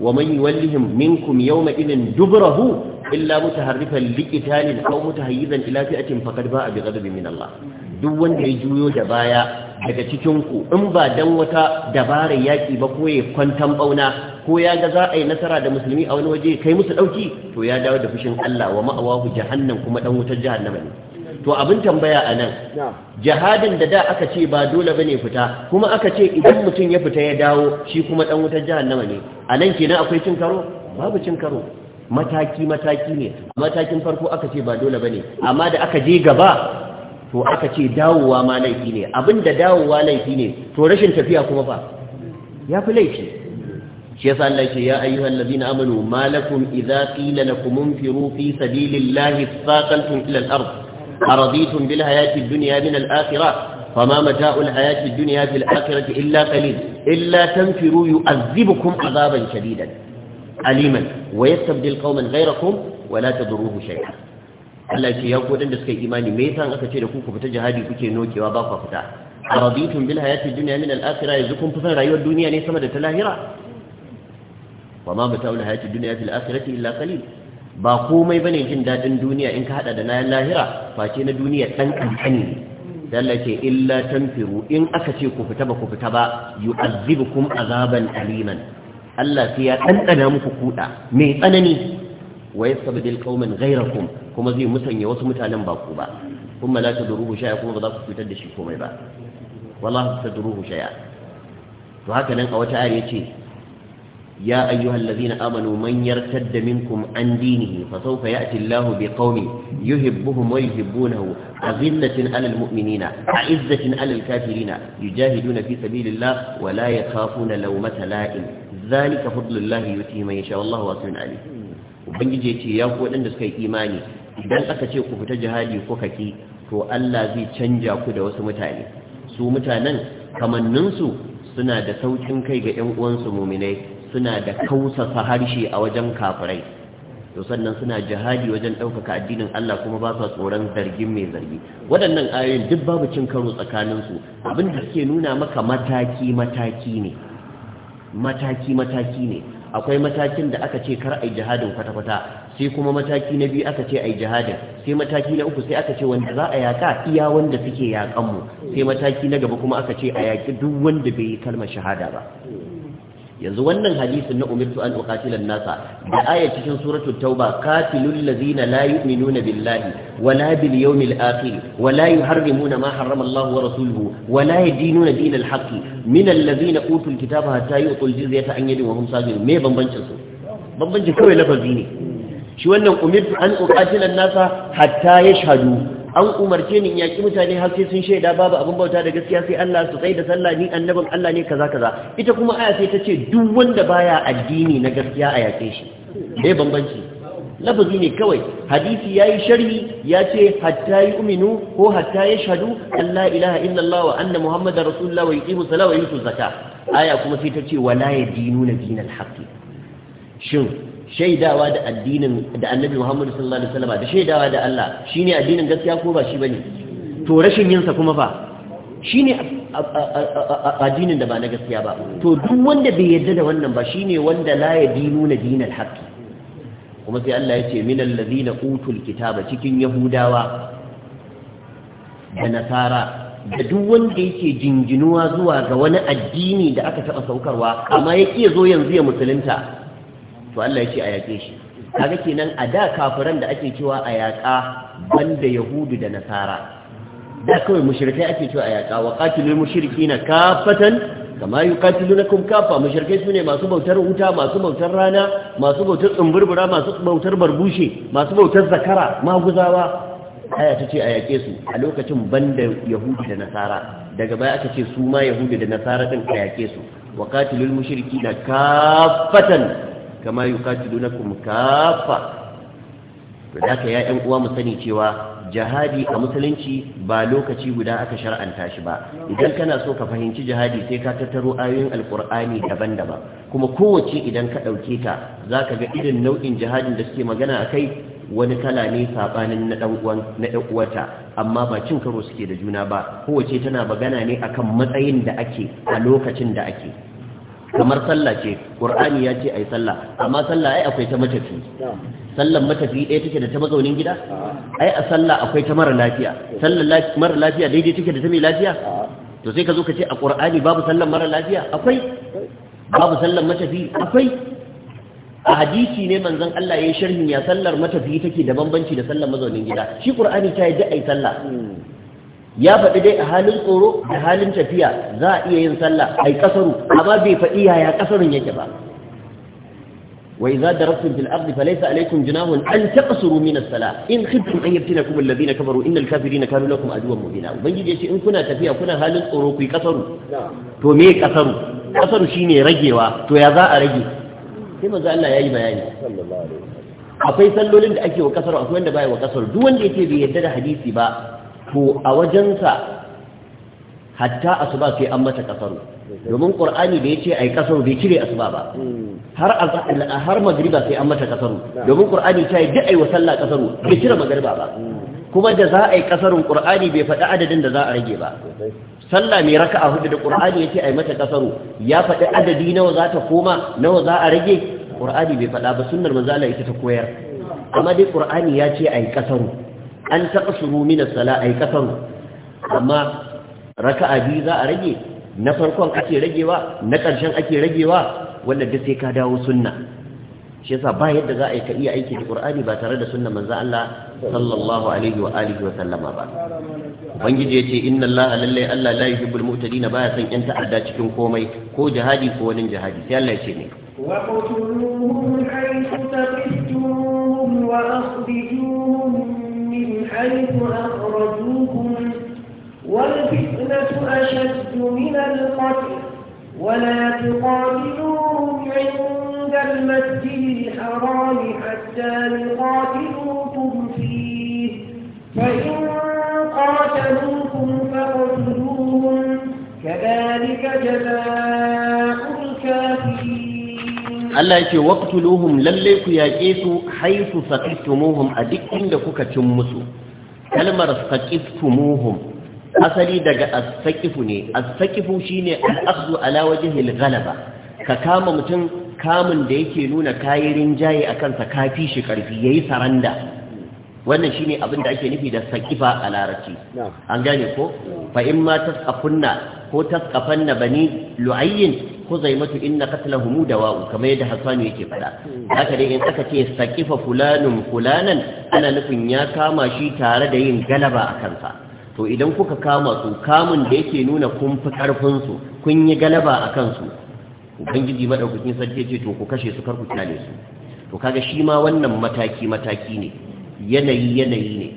wa man yuwallihim minkum yawma idin dubrahu illa mutaharrifan liqitalin aw mutahayyizan ila fi'atin faqad ba'a bi ghadabin min Allah duk wanda ya juyo da baya daga cikinku in ba dan wata dabarar yaƙi ba ko ya kwantan bauna ko ya ga za a yi nasara da musulmi a wani waje kai musu ɗauki? to ya dawo da fushin Allah wa ma'awahu jahannam kuma dan wutar jahannama ne to abin tambaya anan, jihadin da da aka ce ba dole bane fita kuma aka ce idan mutum ya fita ya dawo shi kuma ɗan wutar jahannama ne a nan kenan akwai cin karo babu cin karo mataki mataki ne matakin farko aka ce ba dole bane amma da aka je gaba to aka ce dawowa ma laifi ne abinda dawowa laifi ne to rashin tafiya kuma fa ya fi laifi شيخ قال لك يا أيها الذين آمنوا ما لكم إذا قيل لكم انفروا في سبيل الله اثاقلتم إلى الأرض أرضيتم بالحياة الدنيا من الآخرة فما متاء الحياة الدنيا في الآخرة إلا قليل إلا تنفروا يؤذبكم عذابا شديدا أليما ويستبدل قوما غيركم ولا تضروه شيئا Allah ce ya kodin da suka yi imani me yasa aka ce da ku ku fita jihadi kuke nokewa ba ku fita aradikum bil hayati dunya wa ma mata'ul hayati dunya fil akhirati illa qalil ba komai bane jin dadin duniya in ka hada da na lahira face na duniya dan kankani ne ke illa tanfiru in aka ce ku fita ba ku fita ba yu'azzibukum azaban aliman Allah sai ya ɗanɗana muku kuɗa mai tsanani wa yastabdil qauman ghayrakum kuma zai musanya wasu mutanen ba ku ba kuma la tadruhu shay'a kuma ba za ku fitar da shi komai ba wallahi tadruhu shay'a to haka nan a wata ayar yace يا أيها الذين آمنوا من يرتد منكم عن دينه فسوف يأتي الله بقوم يحبهم ويحبونه أذلة على المؤمنين أعزة على الكافرين يجاهدون في سبيل الله ولا يخافون لومة لائم ذلك فضل الله يؤتيه من يشاء الله واسع عليه ubangiji ya ce ya ku waɗanda suka yi imani idan aka ce ku fita jihadi ko kaki to Allah zai canja ku da wasu mutane su mutanen kamanninsu suna da saukin kai ga 'yan uwansu muminai suna da kausasa harshe a wajen kafirai to sannan suna jihadi wajen ɗaukaka addinin Allah kuma ba sa tsoron zargin mai zargi waɗannan ayoyin duk babu cin karo tsakaninsu abin da suke nuna maka mataki-mataki ne mataki-mataki ne akwai matakin da aka ce kar a yi jihadin kwata-kwata sai kuma mataki na biyu aka ce a jihadin sai mataki na uku sai aka ce wanda za a yaƙa iya wanda suke yakan mu sai mataki na gaba kuma aka ce a yaki duk wanda bai yi kalmar shahada ba yanzu wannan hadisin na umirtu an uqatila nasa da aya cikin suratul tauba qatilul ladina la yu'minuna billahi wala bil yawmil akhir wala yuharrimuna ma harrama Allah wa rasuluhu wala yadinuna dinal haqq min alladhina utul kitaba hatta yu'tul jizyata an yadin wa hum sajidun me bambancin su bambancin kawai lafazi ne shi wannan umirtu an uqatila nasa hatta yashhadu an umarce ni in yaki mutane har sai sun shaida babu abin bauta da gaskiya sai Allah su tsaye da sallah ni annabin Allah ne kaza kaza ita kuma aya sai ta ce duk wanda baya addini na gaskiya a yake shi dai bambanci lafazi ne kawai hadisi yayi sharhi ya ce hatta yu'minu ko hatta yashhadu an la ilaha illallah wa anna muhammadar rasulullah wa yuqimu salata wa yutu zakat aya kuma sai ta ce wala na dinal haqqi shin shaidawa da addinin da annabi Muhammadu sallallahu alaihi wasallam da shaidawa da Allah shine addinin gaskiya ko ba shi bane to rashin yinsa kuma fa shine addinin da ba na gaskiya ba to duk wanda bai yarda da wannan ba shine wanda la yadinu na dinal haƙƙi? kuma sai Allah ya ce min na utul kitaba cikin yahudawa da nasara da duk wanda yake jinginuwa zuwa ga wani addini da aka taɓa saukarwa amma iya zo yanzu ya musulunta to Allah ya ce a yaƙe shi kaga kenan a da kafiran da ake cewa a yaƙa banda yahudu da nasara da kawai mushrikai ake cewa a yaƙa wa qatilul mushrikina kafatan kama yuqatilunakum kafa mushrikai sune masu bautar wuta masu bautar rana masu bautar tsumburbura masu bautar barbushe masu bautar zakara maguzawa aya ta ce a yaƙe su a lokacin banda yahudu da nasara daga baya aka ce su ma yahudu da nasara din a yaƙe su wa qatilul mushriki na kafatan kama yuqatilunakum kaffa to da ka ya uwa mu sani cewa jihadi a musulunci ba lokaci guda aka shar'anta shi ba idan kana so ka fahimci jihadi sai ka tattaro ayoyin alkur'ani daban-daban kuma kowace idan ka ɗauke ta za ka ga irin nau'in jihadin da suke magana a kai wani kala ne saɓanin na ɗan uwata amma ba cin karo suke da juna ba kowace tana magana ne akan matsayin da ake a lokacin da ake kamar sallah ce qur'ani ya ce ai sallah amma sallah ai akwai ta matafi sallan matafi ɗaya take da ta mazaunin gida ai a sallah akwai ta mara lafiya sallan mara lafiya daidai take da ta mai lafiya to sai ka zo ka ce a qur'ani babu sallan mara lafiya akwai babu sallan matafi akwai a hadisi ne manzon Allah ya sharhin ya sallar matafi take da bambanci da sallar mazaunin gida shi qur'ani ta yi da ai sallah ya faɗi dai a halin tsoro da halin tafiya za a iya yin sallah a ai kasaru amma bai faɗi yaya kasarun yake ba wa idza darabtum fil ardi falaysa alaykum junahun an taqsuru min as-salah in khiftum an yabtilakum alladhina kafaru innal kafirina kanu lakum aduwwan mubina ubangiji yace in kuna tafiya kuna halin tsoro ku yi ƙasaru. to me Ƙasaru kasaru shine ragewa to ya za a rage sai manzo Allah yayi bayani akwai sallolin da ake wa kasaru akwai wanda bai wa ƙasaru. duk wanda yake bai yarda da hadisi ba to a wajensa hatta asuba sai an mata kasaru domin qur'ani da yace ai kasaru bai cire asuba ba har har magriba sai an mata kasaru domin qur'ani ta yi duk ai wasalla kasaru bai cire magriba ba kuma da za a yi kasarun qur'ani bai faɗi adadin da za a rage ba sallah mai raka'a hudu da qur'ani yace ai mata kasaru ya faɗi adadi nawa za ta koma nawa za a rage qur'ani bai faɗa ba sunnar manzo Allah ita ta koyar amma dai qur'ani ya ce ai kasaru an taɓa min mina sala ay kafaru amma raka'a biyu za a rage na farkon ake ragewa na ƙarshen ake ragewa wanda duk sai ka dawo sunna shi yasa ba yadda za a yi ka iya aiki da ba tare da sunna manzo Allah sallallahu alaihi wa alihi wa sallama ba ubangiji yace inna allaha lallai allah la yuhibbul mu'tadin baya son yan ta'adda cikin komai ko jihadi ko wani jihadi sai Allah yace ne wa qutuluhum haythu taqistuhum من حيث أخرجوكم والفتنة أشد من القتل ولا تقاتلوهم عند المسجد الحرام حتى يقاتلوكم فيه فإن قاتلوكم فاقتلوهم كذلك جزاء الكافرين Allah yake waqtuluhum lalle ku yaƙe su haifu saqiftumuhum a duk inda kuka cin musu kalmar saqiftumuhum asali daga as-saqifu ne as-saqifu shine al-akhdhu ala wajhi al-ghalaba ka kama mutum kamun da yake nuna kayirin rinjaye akan sa kafi shi karfi yayi saranda wannan shine abin da ake nufi da saqifa a larabci an gane ko fa in ma tasqafunna ko tasqafanna bani lu'ayyin khuzaimatu inna qatlahu dawa'u kamar yadda hasan yake fada haka dai in aka ce saqifa fulanun fulanan ana nufin ya kama shi tare da yin galaba a kansa to idan kuka kama su kamun da yake nuna kun fi karfin su kun yi galaba a kansu ubangiji madaukakin sarki ce to ku kashe su karku ku kyale su to kaga shi ma wannan mataki mataki ne yanayi yanayi ne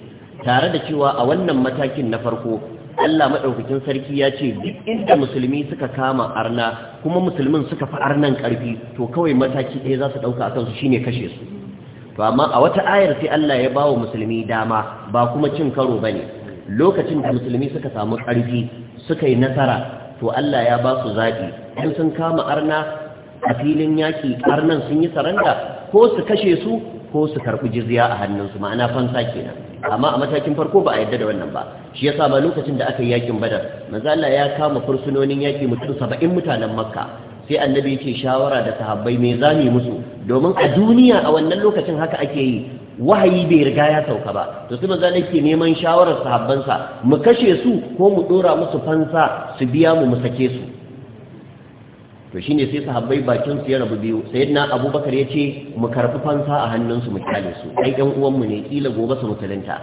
tare da cewa a wannan matakin na farko Allah madaukakin sarki ya ce duk inda musulmi suka kama arna kuma musulmin suka fi arnan karfi to kawai mataki ɗaya za su ɗauka a kansu shine kashe su to amma a wata ayar sai Allah ya bawa musulmi dama ba kuma cin karo bane lokacin da musulmi suka samu ƙarfi, suka yi nasara to Allah ya ba su zaɓi in sun kama arna a filin yaƙi arnan sun yi saranda ko su kashe su ko su karɓi jizya a hannunsu ma'ana fansa kenan amma a matakin farko ba a yadda da wannan ba shi yasa ma lokacin da aka yi yakin badar manzo Allah ya kama fursunonin yaki mutum saba'in mutanen makka sai annabi ya ce shawara da sahabbai me za mu musu domin a duniya a wannan lokacin haka ake yi wahayi bai riga ya sauka ba to sai manzo Allah yake neman shawarar sahabban sa mu kashe su ko mu dora musu fansa su biya mu mu sake su to shine sai sahabbai bakin su ya rabu biyu sayyidina abubakar ya ce mu karfi fansa a hannunsu mu kyale su ai ɗan uwanmu ne kila gobe su mutalinta.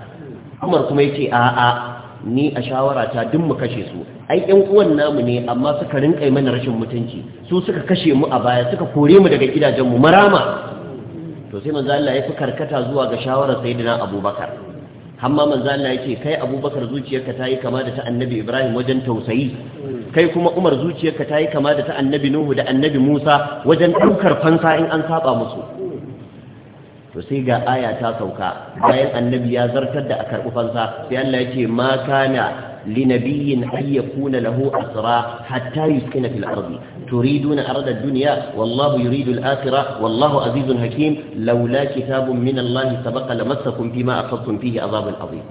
umar kuma yace ce a'a ni a shawara ta duk mu kashe su ai ɗan uwan namu ne amma suka rinƙa mana rashin mutunci su suka kashe mu a baya suka kore mu daga gidajen mu marama to sai manzo Allah ya fi karkata zuwa ga shawarar sayyidina abubakar hamma manzo Allah yake kai Abubakar zuciyarka tayi kama da ta Annabi Ibrahim wajen tausayi kai kuma Umar zuciyarka tayi kama da ta Annabi Nuhu da Annabi Musa wajen daukar fansa in an saba musu to sai ga aya ta sauka bayan Annabi ya zartar da a karɓi fansa sai Allah yake ma kana linabiyyin na lahu asra hatta yuskina fil ardi تريدون أرد الدنيا والله يريد الآخرة والله عزيز حكيم لولا كتاب من الله سبق لمسكم فيما أخذتم فيه عذاب عظيم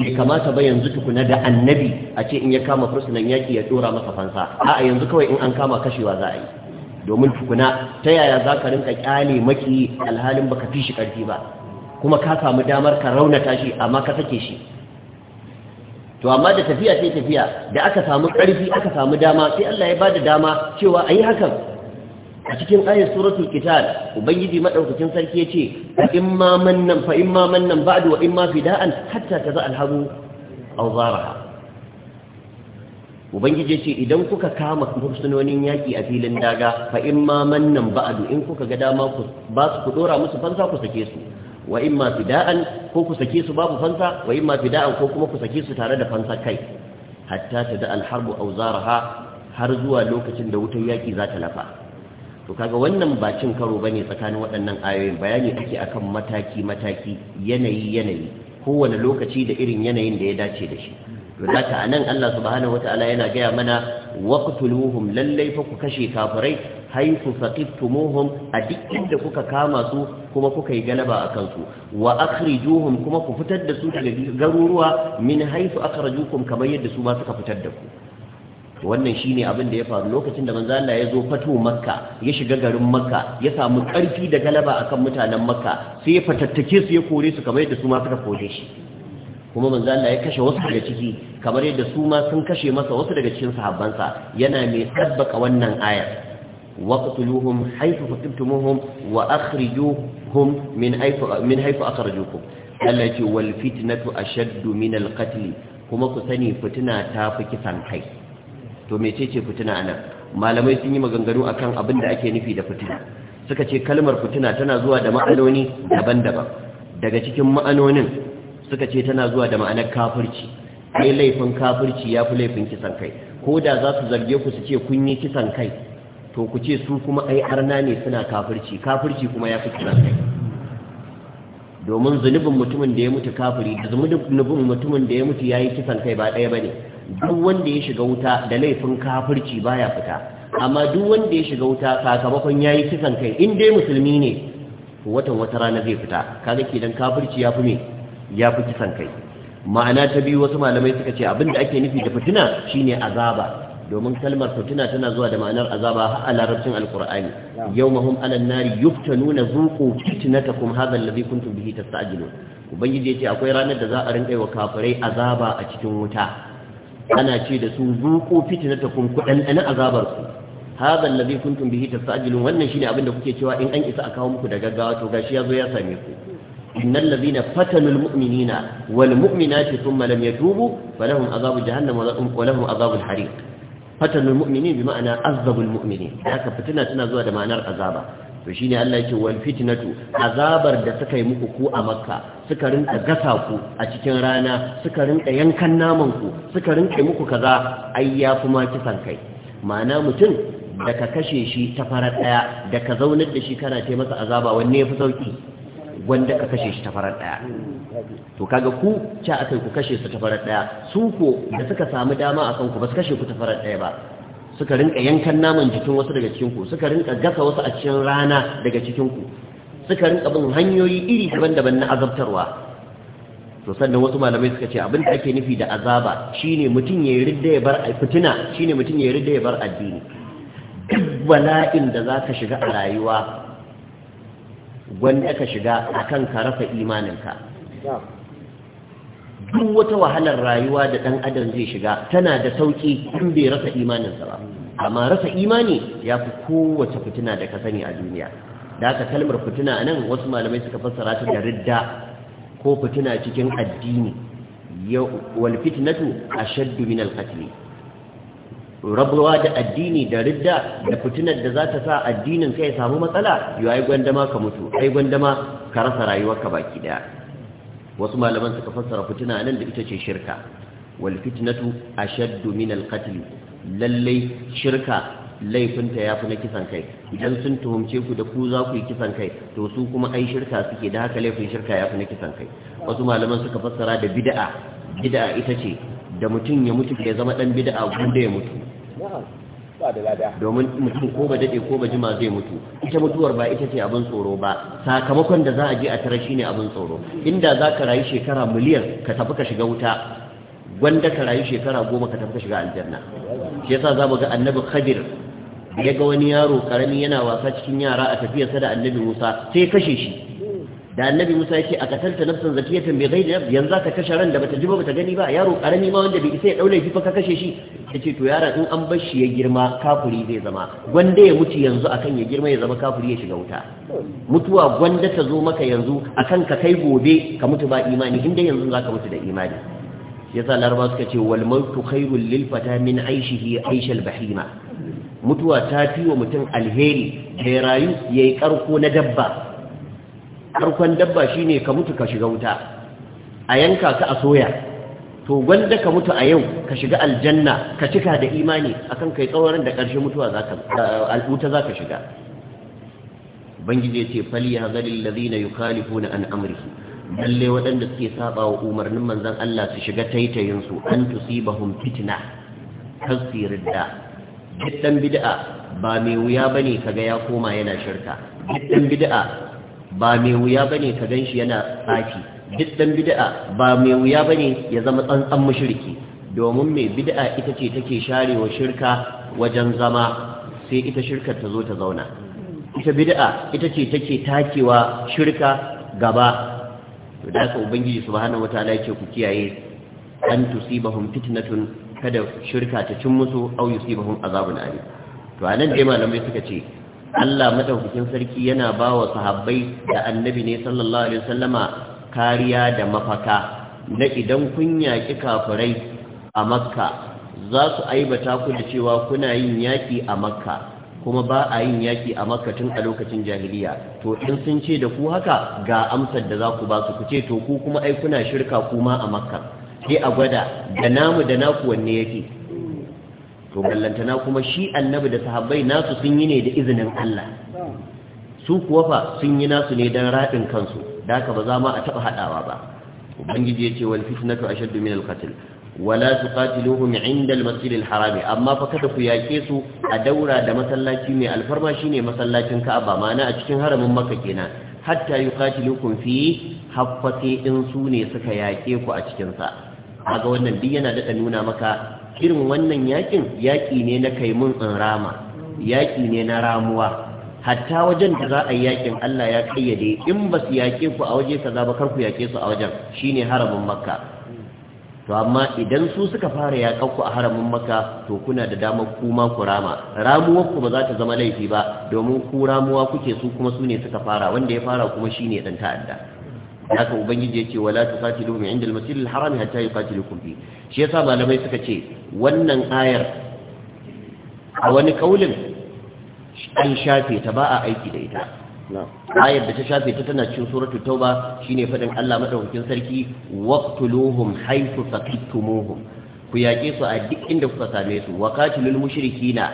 bai kamata ba yanzu tukuna da annabi a ce in ya kama fursunan yaki ya dora masa fansa a yanzu kawai in an kama kashewa za a yi domin tukuna ta yaya za ka rinka kyale maki alhalin baka fi shi karfi ba kuma ka samu damar ka raunata shi amma ka sake shi to amma da tafiya sai tafiya da aka samu ƙarfi aka samu dama sai Allah ya bada dama cewa ayi hakan a cikin ayat suratul qital ubangiji madaukakin sarki yace fa imma mannan fa imma mannan wa imma fida'an hatta taza alhabu aw zaraha ubangiji yace idan kuka kama fursunonin yaki a filin daga fa ma mannan ba'd in kuka ga dama ku ba su ku dora musu fansa ku sake su wa imma fida'an ko ku sake su babu fansa wa imma fida'an ko kuma ku sake su tare da fansa kai hatta ta da alharbu auzaraha har zuwa lokacin da wutar yaki za ta lafa to kaga wannan ba cin karo bane tsakanin waɗannan ayoyin bayani ake akan mataki mataki yanayi yanayi kowane lokaci da irin yanayin da ya dace da shi Rata a nan Allah subhanahu yana gaya mana waqtuluhum lallai fa ku kashe kafirai haifu faqiftumuhum a duk inda kuka kama su kuma kuka yi galaba a kansu wa akhrijuhum kuma ku fitar da su daga garuruwa min haifu akhrajukum kamar yadda su ma suka fitar da ku wannan shine abin da ya faru lokacin da manzo ya zo fato Makka ya shiga garin Makka ya samu ƙarfi da galaba akan mutanen Makka sai ya fatattake su ya kore su kamar yadda su ma suka kore shi kuma manzo ya kashe wasu daga ciki kamar yadda su ma sun kashe masa wasu daga cikin sahabbansa yana mai sabbaka wannan ayar واقتلوهم حيث فقدتموهم وأخرجوهم من حيث, من حيث أخرجوكم التي والفتنة أشد من القتل كما كثني فتنة تافك سانحي توميتيتي فتنة أنا ما لم يسيني مغنغنو أكان أبن دا أكي نفي دا فتنة سكتي كلمة فتنة تنازوها دا معنوني دبن دبا daga cikin ma'anonin suka ce tana zuwa da ma'anar kafirci ai laifin kafirci ya fi laifin kisan kai ko da za su zarge ku su ce kun yi kisan kai to ku ce su kuma ai arna ne suna kafirci kafirci kuma ya fi kiran kai domin zunubin mutumin da ya mutu kafiri da zunubin mutumin da ya mutu ya yi kisan kai ba ɗaya ba ne duk wanda ya shiga wuta da laifin kafirci baya fita amma duk wanda ya shiga wuta sakamakon ya yi kisan kai in dai musulmi ne watan wata rana zai fita kaga kenan kafirci ya fi me ya fi kisan kai ma'ana ta biyu wasu malamai suka ce abin da ake nufi da fitina shine azaba domin kalmar fatuna tana zuwa da ma'anar azaba a larabcin alkur'ani yawmahum alan nari yuftanuna fitinata kuma haɗa alladhi kuntun bihi ta tasta'jilun ubangiji ya ce akwai ranar da za a rinka wa kafirai azaba a cikin wuta ana ce da su zuqu fitinata ku ɗanɗana azabar ku hadha alladhi kuntum bihi tasta'jilun wannan shine abin da kuke cewa in an isa a kawo muku da gaggawa to gashi ya zo ya same ku إن الذين فتنوا المؤمنين والمؤمنات ثم لم يتوبوا فلهم عذاب جهنم ولهم عذاب الحريق fatanul mu'minin bi ma'ana azabul mu'minin haka fitina tana zuwa da ma'anar azaba to shine Allah yake wal fitnatu azabar da suka yi muku ku a makka suka rinka gasa ku a cikin rana suka rinka yankan naman ku suka rinka muku kaza ai ya kuma kisan kai ma'ana mutum da ka kashe shi ta fara daya da ka zaunar da shi kana ce masa azaba wanne ya fi sauki gwanda ka kashe shi ta farar daya to kaga ku ca akai ku kashe su ta farar daya su ko da suka samu dama akan ku ba su kashe ku ta farar daya ba suka rinka yankan naman jikin wasu daga cikin ku suka rinka gasa wasu a cikin rana daga cikin ku suka rinka bin hanyoyi iri daban-daban na azabtarwa to sannan wasu malamai suka ce abin da ake nufi da azaba shine mutum ya ridda ya bar fitina shine mutum ya ridda ya bar addini duk bala'in da ka shiga a rayuwa wanda ka shiga akan ka rasa imaninka duk wata wahalar rayuwa da ɗan adam zai shiga tana da sauƙi in bai rasa imaninsa ba amma rasa imani ya fi kowace fitina da ka sani a duniya da aka kalmar fitina nan wasu malamai suka fassara ta da ridda ko fitina cikin addini wal fitnatu ashaddu min al qatl rabuwa da addini da ridda da fitinar da za ta sa addinin ka ya samu matsala yayi gwandama ka mutu ai gwandama ka rasa rayuwarka baki ɗaya. wasu malaman suka fassara fitina nan da ita ce shirka wal fitnatu ashaddu min al qatl lalle shirka laifinta yafi na kisan kai idan sun tuhumce ku da ku za ku yi kisan kai to su kuma ai shirka suke da haka laifin shirka yafi na kisan kai wasu malaman suka fassara da bid'a bid'a ita ce da mutum ya mutu ya zama dan bid'a gunda ya mutu domin mutum ko ba dade ko ba jima zai mutu ita mutuwar ba ita ce abin tsoro ba sakamakon da za a je a tara shine abin tsoro inda za ka rayu shekara miliyan ka tafi ka shiga wuta gwanda ka rayu shekara goma ka tafi ka shiga aljanna shi yasa za mu ga annabi khadir ya ga wani yaro karami yana wasa cikin yara a tafiyarsa da annabi musa sai kashe shi da annabi Musa ya ce a katalta nafsan zakiyatan bi ghairi nafs yanzu ka kashe ran da bata ji ba bata gani ba yaro karami ma wanda bai isa ya daure shi fa ka kashe shi ce to yaron in an bar shi ya girma kafuri zai zama gwanda ya mutu yanzu akan ya girma ya zama kafuri ya shiga wuta mutuwa gwanda ta zo maka yanzu akan ka kai gobe ka mutu ba imani in yanzu yanzu ka mutu da imani yasa laraba suka ce wal mautu khairul lil fata min aishihi aishal bahima mutuwa ta fi wa mutum alheri da ya rayu yayi karko na dabba harkon dabba shine ka mutu ka shiga wuta a yanka ka a soya to gwanda ka mutu a yau ka shiga aljanna ka cika da imani akan kai tsawarin da ƙarshe mutuwa zaka al'uta zaka shiga ubangiji yace fali hadhal ladina na an Amurki. lalle waɗanda suke saba wa umarnin manzon Allah su shiga taitayin su an bahun fitina tasirin da dan bid'a ba mai wuya ba ne kaga ya koma yana shirka duk bid'a ba mai wuya bane ka ganshi yana tsafi duk dan bid'a ba mai wuya bane ya zama tsantsan mushriki domin mai bid'a ita ce take sharewa shirka wajen zama sai ita shirkar ta zo ta zauna ita bid'a ita ce take takewa shirka gaba to da haka ubangiji subhanahu wataala yake ku kiyaye an tusibahum fitnatun kada shirka ta cin musu au yusibahum azabun alim to anan dai malamai suka ce Allah madaukakin sarki yana ba wa sahabbai da annabi ne sallallahu alaihi wasallama kariya da mafaka na idan kun yaƙi kafirai a makka za su aibata ku da cewa kuna yin yaƙi a makka kuma ba a yin yaƙi a makka tun a lokacin jahiliya to in sun ce da ku haka ga amsar da za ku ba su ku ce to ku kuma ai kuna shirka kuma a makka sai a gwada da namu da naku wanne yake to ballantana kuma shi annabi da sahabbai nasu sun yi ne da izinin Allah su kuwa fa sun yi nasu ne don raɗin kansu da aka ba za ma a taɓa haɗawa ba ubangiji ya ce wal fitnatu ashaddu min al qatl wala tuqatiluhum inda al masjid al amma fa kada ku yake su a daura da masallaci mai alfarma shine masallacin Ka'aba ma'ana a cikin haramin maka kenan hatta kun fi haffati in su ne suka yaƙe ku a cikin sa kaga wannan duk yana daɗa nuna maka irin wannan yakin yaki ne na kaimun in rama yaki ne na ramuwa hatta wajen da za a yi yakin Allah ya kayyade in ba su yake ku a waje kaza ba kar ku yake su a wajen shine haramin makka to amma idan su suka fara yakan ku a haramin makka to kuna da damar kuma ku rama ramuwar ku ba za ta zama laifi ba domin ku ramuwa kuke su kuma su ne suka fara wanda ya fara kuma shine dan ta'adda haka ubangiji yace wala tusatilu min indal masjidil haram hatta yuqatilukum fi shi yasa malamai suka ce wannan ayar a wani kaulin an shafe ta ba a aiki da ita ayar da ta shafe ta tana cin suratu tauba shine faɗin Allah madaukakin sarki waqtuluhum haythu saqittumuhum ku yaƙe su a duk inda kuka same su wa qatilul mushrikina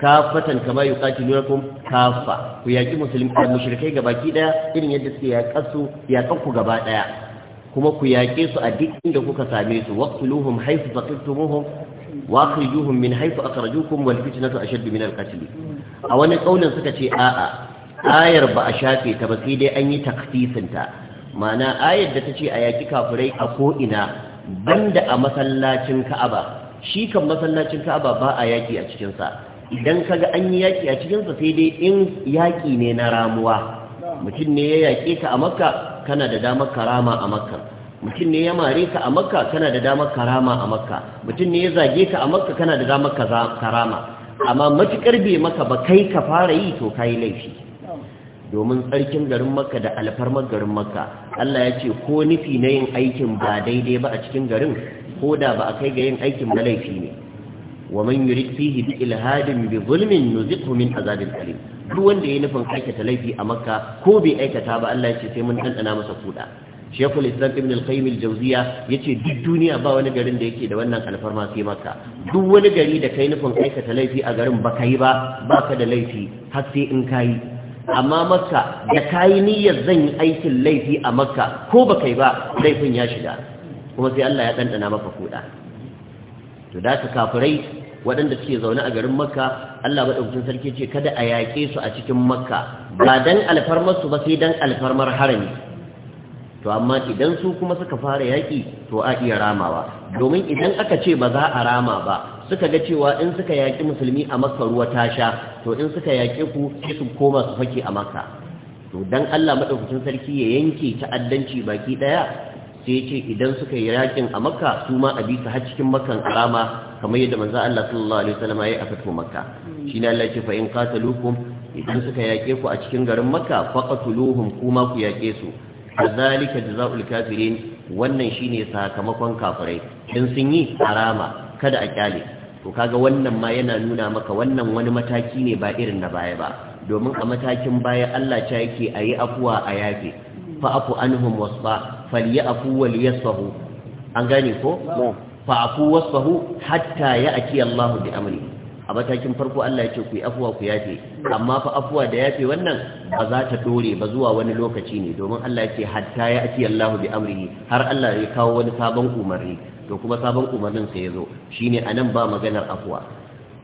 kafatan kama yuqatilunakum kafa ku yaƙi musulmi mushrikai gabaki daya irin yadda suke yaƙasu yaƙanku gaba ɗaya. kuma ku yaƙe su a duk inda kuka same su waqtuluhum haythu zaqiftumuhum wa akhrijuhum min haythu akhrajukum wal fitnatu ashaddu min al qatl a wani kaulin suka ce a'a ayar ba a shafe ta ba sai dai an yi takfisin ta ma'ana ayar da ta ce a yaƙi kafirai a ko ina banda a masallacin Ka'aba shi kan masallacin Ka'aba ba a yaƙi a cikin sa idan kaga an yi yaƙi a cikinsa, sai dai in yaƙi ne na ramuwa mutum ne ya yaƙe ka a Makka kana da damar karama a makka mutum ne ya mare ka a makka kana da damar karama a makka mutum ne ya zage ka a makka kana da damar karama amma matukar bai maka ba kai ka fara yi to kai laifi domin tsarkin garin makka da alfarmar garin makka Allah ya ce ko nufi na yin aikin ba daidai ba a cikin garin ko da ba a kai ga yin aikin na laifi ne ومن يريد فيه بإلهاد بظلم نذقه من عذاب أليم duk wanda ya nufin aikata laifi a makka ko bai aikata ba Allah ya ce sai mun ɗanɗana masa kuɗa shekul islam ibn al-qayyim al-jawziya yace duk duniya ba wani garin da yake da wannan alfarma sai makka duk wani gari da kai nufin aikata laifi a garin ba kai ba ba ka da laifi har sai in kayi amma makka da kayi niyyar zan yi aikin laifi a makka ko ba kai ba laifin ya shiga kuma sai Allah ya ɗanɗana maka kuɗa to da ka kafirai waɗanda suke zaune a garin makka Allah maɗaukakin sarki ce kada a yaƙe su a cikin makka ba dan alfarmar su ba sai dan alfarmar harami to amma idan su kuma suka fara yaƙi to a iya ramawa domin idan aka ce ba za a rama ba suka ga cewa in suka yaƙi musulmi a makka ruwa ta sha to in suka yaƙe ku sai su koma su fake a makka to dan Allah maɗaukacin sarki ya yanke ta'addanci baki ɗaya sai ce idan suka yi yakin a makka su ma a bisa har cikin makkan karama kamar yadda manzo Allah sallallahu alaihi wasallam yayi a to makka shine Allah ya ce fa in qataluukum idan suka yake ku a cikin garin makka faqatuluhum kuma ku yake su kazalika jazaul kafirin wannan shine sakamakon kafirai in sun yi harama kada a kyale to kaga wannan ma yana nuna maka wannan wani mataki ne ba irin na baya ba domin a matakin baya Allah ta yake ayi afuwa a yafe fa'afu anhum wasfa falyafu waliyasfahu an gane ko fa'afu wasfahu hatta ya'ti Allahu bi amri a matakin farko Allah ya ce ku yi afuwa ku yafe amma fa afuwa da yafe wannan ba za ta dore ba zuwa wani lokaci ne domin Allah ya ce hatta ya'ti Allahu bi amri, har Allah ya kawo wani sabon umarni to kuma sabon umarnin sai ya zo shine anan ba maganar afuwa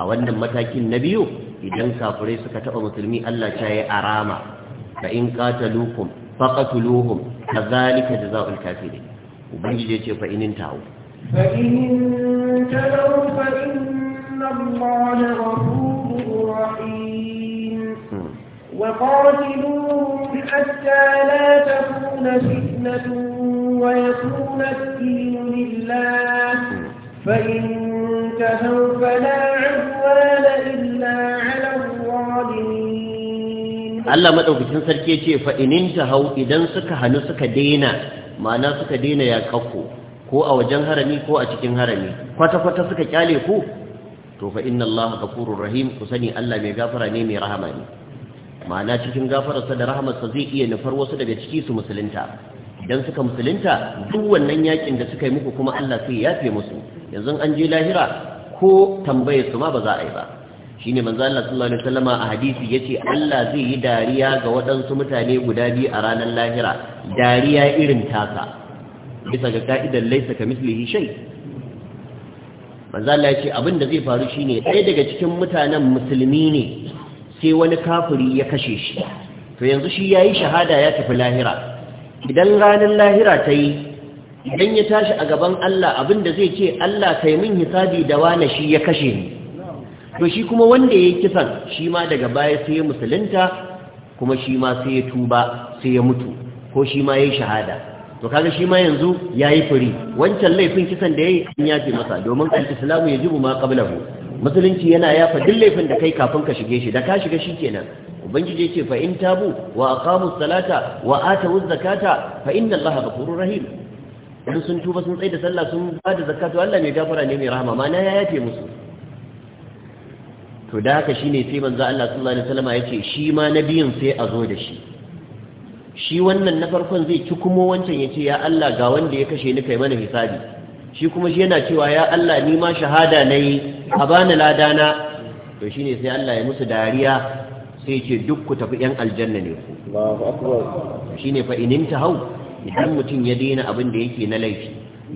a wannan matakin na biyu idan kafirai suka taba musulmi Allah ta yi arama fa in qataluukum فقتلوهم كذلك جزاء الكافرين وبنجي يجي فإن انتهوا فإن انتهوا فإن الله غفور رحيم وقاتلوهم حتى لا تكون فتنة ويكون الدين لله فإن انتهوا فلا عدوان إلا على الظالمين Allah maɗaukacin sarki ce fa ininta hau idan suka hannu suka daina ma'ana suka daina ya kakko ko a wajen harami ko a cikin harami kwata kwata suka kyale ku to fa inna Allah ghafurur rahim ku sani Allah mai gafara ne mai rahama ne ma'ana cikin gafararsa da rahamarsa zai iya nufar wasu daga ciki su musulunta idan suka musulunta duk wannan yakin da suka yi muku kuma Allah sai ya yafe musu yanzu an je lahira ko tambayar su ma ba za a yi ba shine manzo Allah sallallahu alaihi wasallama a hadisi yace Allah zai yi dariya ga waɗansu mutane guda biyu a ranar lahira dariya irin taka bisa ga ka'idar laysa kamithlihi shay manzo Allah yace abinda zai faru shine ɗaya daga cikin mutanen musulmi ne sai wani kafiri ya kashe shi to yanzu shi yayi shahada ya tafi lahira idan ranar lahira ta yi idan ya tashi a gaban Allah abinda zai ce Allah kai min hisabi da wani shi ya kashe ni to shi kuma wanda ya yi kisan shi ma daga baya sai ya musulunta kuma shi ma sai ya tuba sai ya mutu ko shi ma ya yi shahada to kaga shi ma yanzu ya yi furi. wancan laifin kisan da ya yi an yafe masa domin al-islamu ya jibu ma qablahu musulunci yana yafa duk laifin da kai kafin ka shige shi da ka shiga shi kenan ubangiji ce fa in tabu wa aqamu salata wa atu zakata fa inna allaha ghafurur rahim idan sun tuba sun tsaye da sallah sun ba da zakatu Allah mai gafara ne mai rahama ma na ya yafe musu to da haka shine sai manzo Allah sallallahu alaihi wasallam ce shi ma nabiyin sai a zo da shi shi wannan na farkon zai ci kuma wancan yace ya Allah ga wanda ya kashe ni kai mana hisabi shi kuma shi yana cewa ya Allah ni ma shahada nayi a bani ladana to shine sai Allah ya musu dariya sai ce duk ku tafi yan aljanna ne ku Allahu akbar shine fa inin hau idan mutum ya daina abin da yake na laifi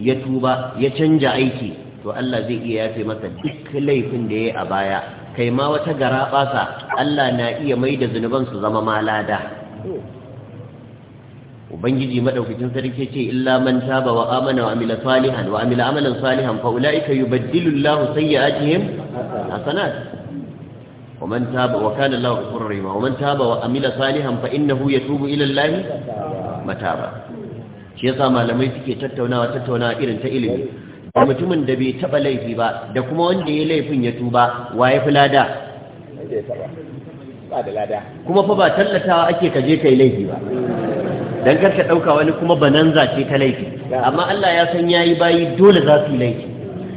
ya tuba ya canja aiki to Allah zai iya yafe masa duk laifin da ya yi a baya kai ma wata gara basa Allah na iya mai da zunuban su zama malada ubangiji madaukakin sarki ce illa man taba wa amana wa amila salihan wa amila amalan salihan fa ulaika yubaddilu Allahu sayyi'atihim hasanat ومن تاب وكان wa غفورا رحيما ومن تاب وعمل صالحا فانه يتوب الى الله متابا shi yasa malamai suke tattaunawa tattaunawa irin ta ilimi Ba mutumin da bai taɓa laifi ba da kuma wanda ya laifin ya tuba wa ya fi lada kuma fa ba tallatawa ake ka je kai laifi ba dan karka ɗauka wani kuma bananza ce ta laifi amma Allah ya san yayi bayi dole za su yi laifi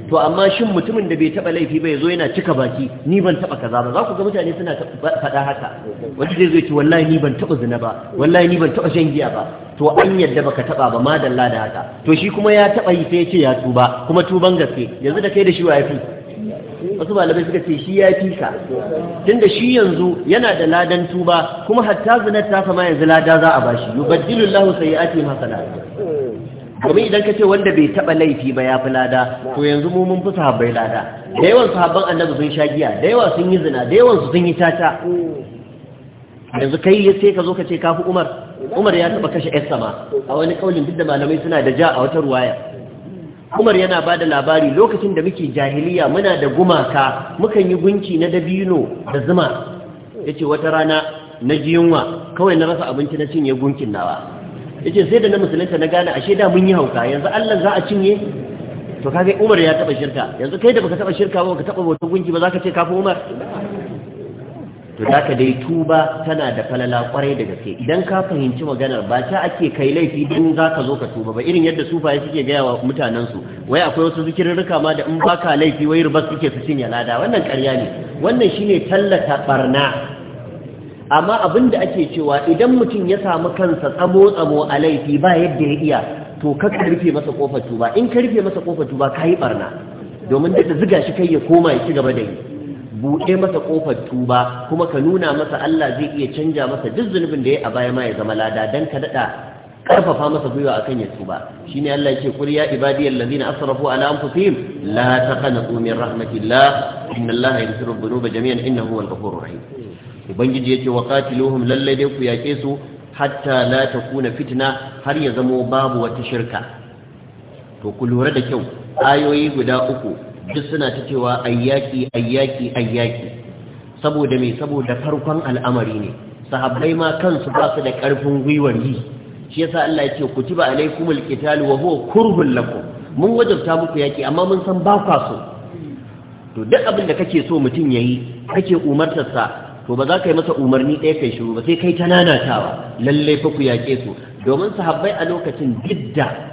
to amma shin mutumin da bai taba laifi ba zo yana cika baki ni ban taba kaza ba za ku ga mutane suna faɗa haka wanda zai zo ce wallahi ni ban taba zina ba wallahi ni ban taba shan giya ba to an yadda baka taba ba madalla da haka to shi kuma ya taba yi sai ya ce ya tuba kuma tuban gaske yanzu da kai da shi wa yafi wasu malamai suka ce shi ya fi ka tunda shi yanzu yana da ladan tuba kuma hatta zinar ta kama yanzu lada za a bashi yubaddilu Allahu sayyi'ati hasanat domin idan ka ce wanda bai taɓa laifi ba ya fi lada to yanzu mu mun fi sahabbai lada da yawan sahabban annabi sun sha giya da yawa sun yi zina da yawan su sun yi caca yanzu kai ya sai ka zo ka ce ka fi umar umar ya taɓa kashe yar sama a wani kaulin duk da malamai suna da ja a wata ruwaya umar yana ba da labari lokacin da muke jahiliya muna da gumaka mukan yi gunki na dabino da zuma ya ce wata rana na jiyunwa kawai na rasa abinci na cinye gunkin nawa yace sai da na musulunta na gane ashe da mun yi hauka yanzu Allah za a cinye to kaga Umar ya taba shirka yanzu kai da baka taba shirka ba baka taba bautar gunki ba zaka ce kafin Umar to zaka dai tuba tana da falala kwarai da gaske idan ka fahimci maganar ba ta ake kai laifi din zaka zo ka tuba ba irin yadda sufaye suke gaya wa mutanen su wai akwai wasu zikirrika ma da in baka laifi wai riba suke su cinye lada wannan ƙarya ne wannan shine tallata barna amma abin da ake cewa idan mutum ya samu kansa tsamo-tsamo a laifi ba yadda ya iya to ka rufe masa kofar tuba in ka rufe masa kofar tuba ka yi barna domin da ziga shi kai ya koma ya ci gaba da yi buɗe masa kofar tuba kuma ka nuna masa Allah zai iya canja masa duk zunubin da ya a baya ma ya zama lada dan ka daɗa karfafa masa gwiwa akan ya tuba shine Allah yake kul ya ibadiyal ladina asrafu ala anfusihim la taqnatu min rahmatillah yaghfiru dhunuba jami'an innahu huwal ghafurur rahim ubangiji yake wa qatiluhum lallai dai ku yake su hatta la kuna fitna har ya zamo babu wata shirka to ku lura da kyau ayoyi guda uku duk suna ta cewa ayyaki ayyaki ayyaki saboda me saboda farkon al'amari ne sahabbai ma kansu ba su da karfin gwiwar yi shi yasa Allah yake kutiba alaikumul qital wa huwa kurhul lakum mun wajabta muku yaki amma mun san ba ku. to duk abin da kake so mutum yayi kake umartarsa to ba za ka yi masa umarni ɗaya kai shiru ba sai kai ta nanatawa lallai fa ku yaƙe su domin sahabbai a lokacin didda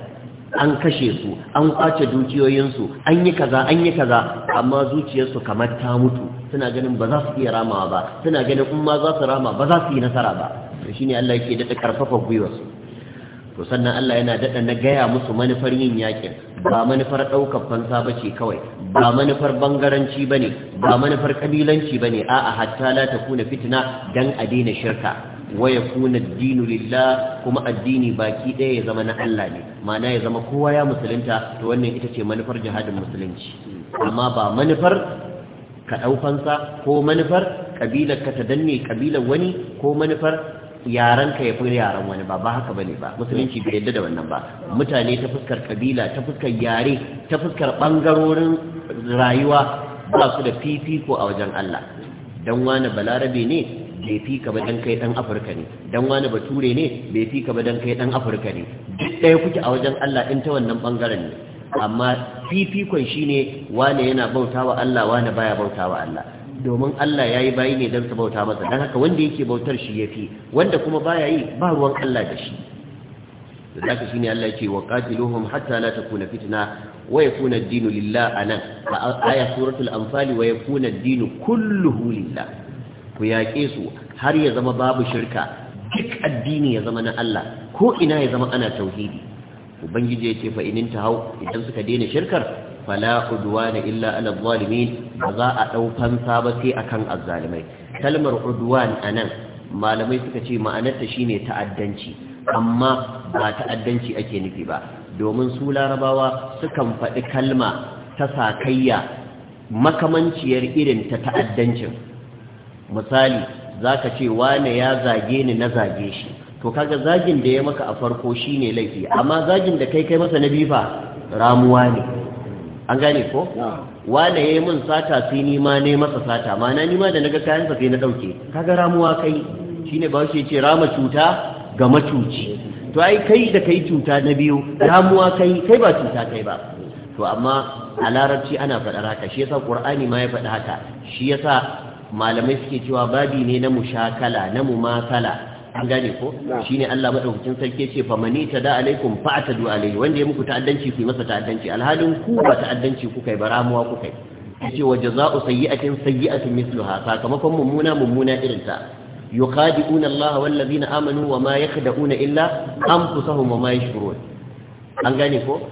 an kashe su an kwace dukiyoyinsu an yi kaza an yi kaza amma zuciyarsu kamar ta mutu suna ganin ba za su iya ramawa ba suna ganin in ma za su rama ba za su yi nasara ba to shine Allah yake da gwiwar gwiwarsu to sannan Allah yana daɗa na gaya musu manufar yin yakin ba manufar ɗaukar fansa ba ce kawai ba manufar bangaranci ba ne ba manufar ƙabilanci ba ne a'a hatta la ta kuna fitina don a daina shirka waya kuna dinu lillah kuma addini baki ɗaya ya zama na Allah ne ma'ana ya zama kowa ya musulunta to wannan ita ce manufar jihadin musulunci amma ba manufar ka ɗau fansa ko manufar ƙabilar ka ta danne ƙabilar wani ko manufar yaranka ya fi yaran wani ba ba haka bane ba musulunci bai yadda da wannan ba mutane ta fuskar kabila ta fuskar yare ta fuskar bangarorin rayuwa ba su da fifiko a wajen Allah dan wani balarabe ne bai fi ka ba dan kai dan afirka ne dan wani bature ne bai fi ka ba dan kai dan afirka ne duk ɗaya kuke a wajen Allah in ta wannan bangaren ne amma fifikon shine wani yana bautawa Allah wane baya bautawa Allah domin Allah ya yi bayi ne don su bauta masa don haka wanda yake bautar shi ya fi wanda kuma baya yi ba ruwan Allah da shi da zaka shine Allah ce wa qatiluhum hatta la takuna fitna wa yakuna ad-dinu lillah ana aya suratul anfal wa yakuna ad-dinu kulluhu lillah ku yaƙe su har ya zama babu shirka duk addini ya zama na Allah ko ina ya zama ana tauhidi ubangiji ya fa inin tahau idan suka daina shirkar fala udwana illa ala zalimin za a daukan fansa sai akan azzalimai kalmar udwan anan malamai suka ce ma'anarta shine ta'addanci amma ba ta'addanci ake nufi ba domin su larabawa sukan faɗi kalma ta sakayya makamanciyar irin ta ta'addancin misali zaka ce wane ya zage ni na zage shi to kaga zagin da ya maka a farko shine laifi amma zagin da kai kai masa na bifa ramuwa ne an gane ko wane yayi mun sata sai ni ma ne masa sata mana ni ma da naga kayan sa sai na dauke kaga ramuwa kai shine ba shi ce rama cuta ga macuci to ai kai da kai cuta na biyu ramuwa kai kai ba cuta kai ba to amma a larabci ana faɗar haka shi yasa qur'ani ma ya faɗi haka shi yasa malamai suke cewa babi ne na mushakala na mumasala an gane ko ne Allah madaukakin sarki ce fa mani tada alaikum fa atadu alaihi wanda ya muku ta'addanci ku masa ta'addanci alhalin ku ba ta'addanci ku kai baramuwa ku kai yace wa jazaa'u sayyi'atin sayyi'atun mithluha sakamakon mummuna mummuna irin ta yuqadi'una Allah wal ladina amanu wa ma yakhda'una illa anfusahum wa ma yashkurun an gane ko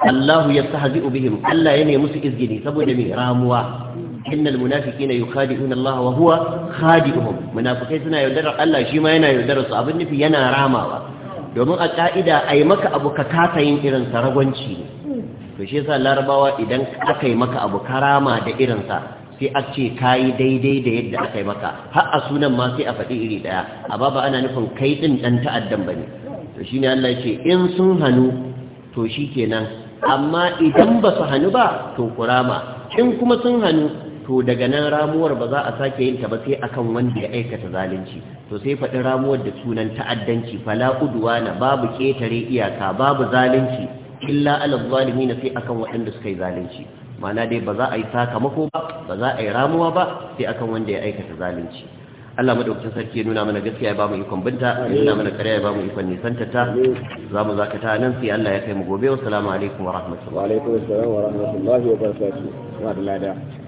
Allah ya tahzi'u bihim Allah ya ne musu izgini saboda me ramuwa innal munafiqina yukhadi'una Allah wa huwa khadi'uhum munafikai suna yaudarar Allah shi ma yana yaudarar su abin nufi yana ramawa domin a ka'ida ai maka abu ka kasa yin irin sa ragwanci to shi yasa larabawa idan aka yi maka abu karama da irin sa sai a ce kayi daidai da yadda aka yi maka har a sunan ma sai a faɗi iri ɗaya A babu ana nufin kai ɗin ɗan ta'addan ba ne to ne Allah ce in sun hannu to shi kenan amma idan ba su hannu ba to kurama in kuma sun hannu to daga nan ramuwar ba za a sake yin ta ba sai akan wanda ya aikata zalunci to sai faɗi ramuwar da sunan ta'addanci fala udwana babu ketare iyaka babu zalunci illa ala zalimin sai akan waɗanda suka yi zalunci ma'ana dai ba za a yi sakamako ba ba za a yi ramuwa ba sai akan wanda ya aikata zalunci Allah madaukakin sarki ya nuna mana gaskiya ya bamu ikon binta ya nuna mana ƙarya ya bamu ikon nisantata za mu zakata nan sai Allah ya kai mu gobe wa salamu alaikum wa rahmatullahi wa alaikum assalam wa rahmatullahi wa barakatuh wa da lada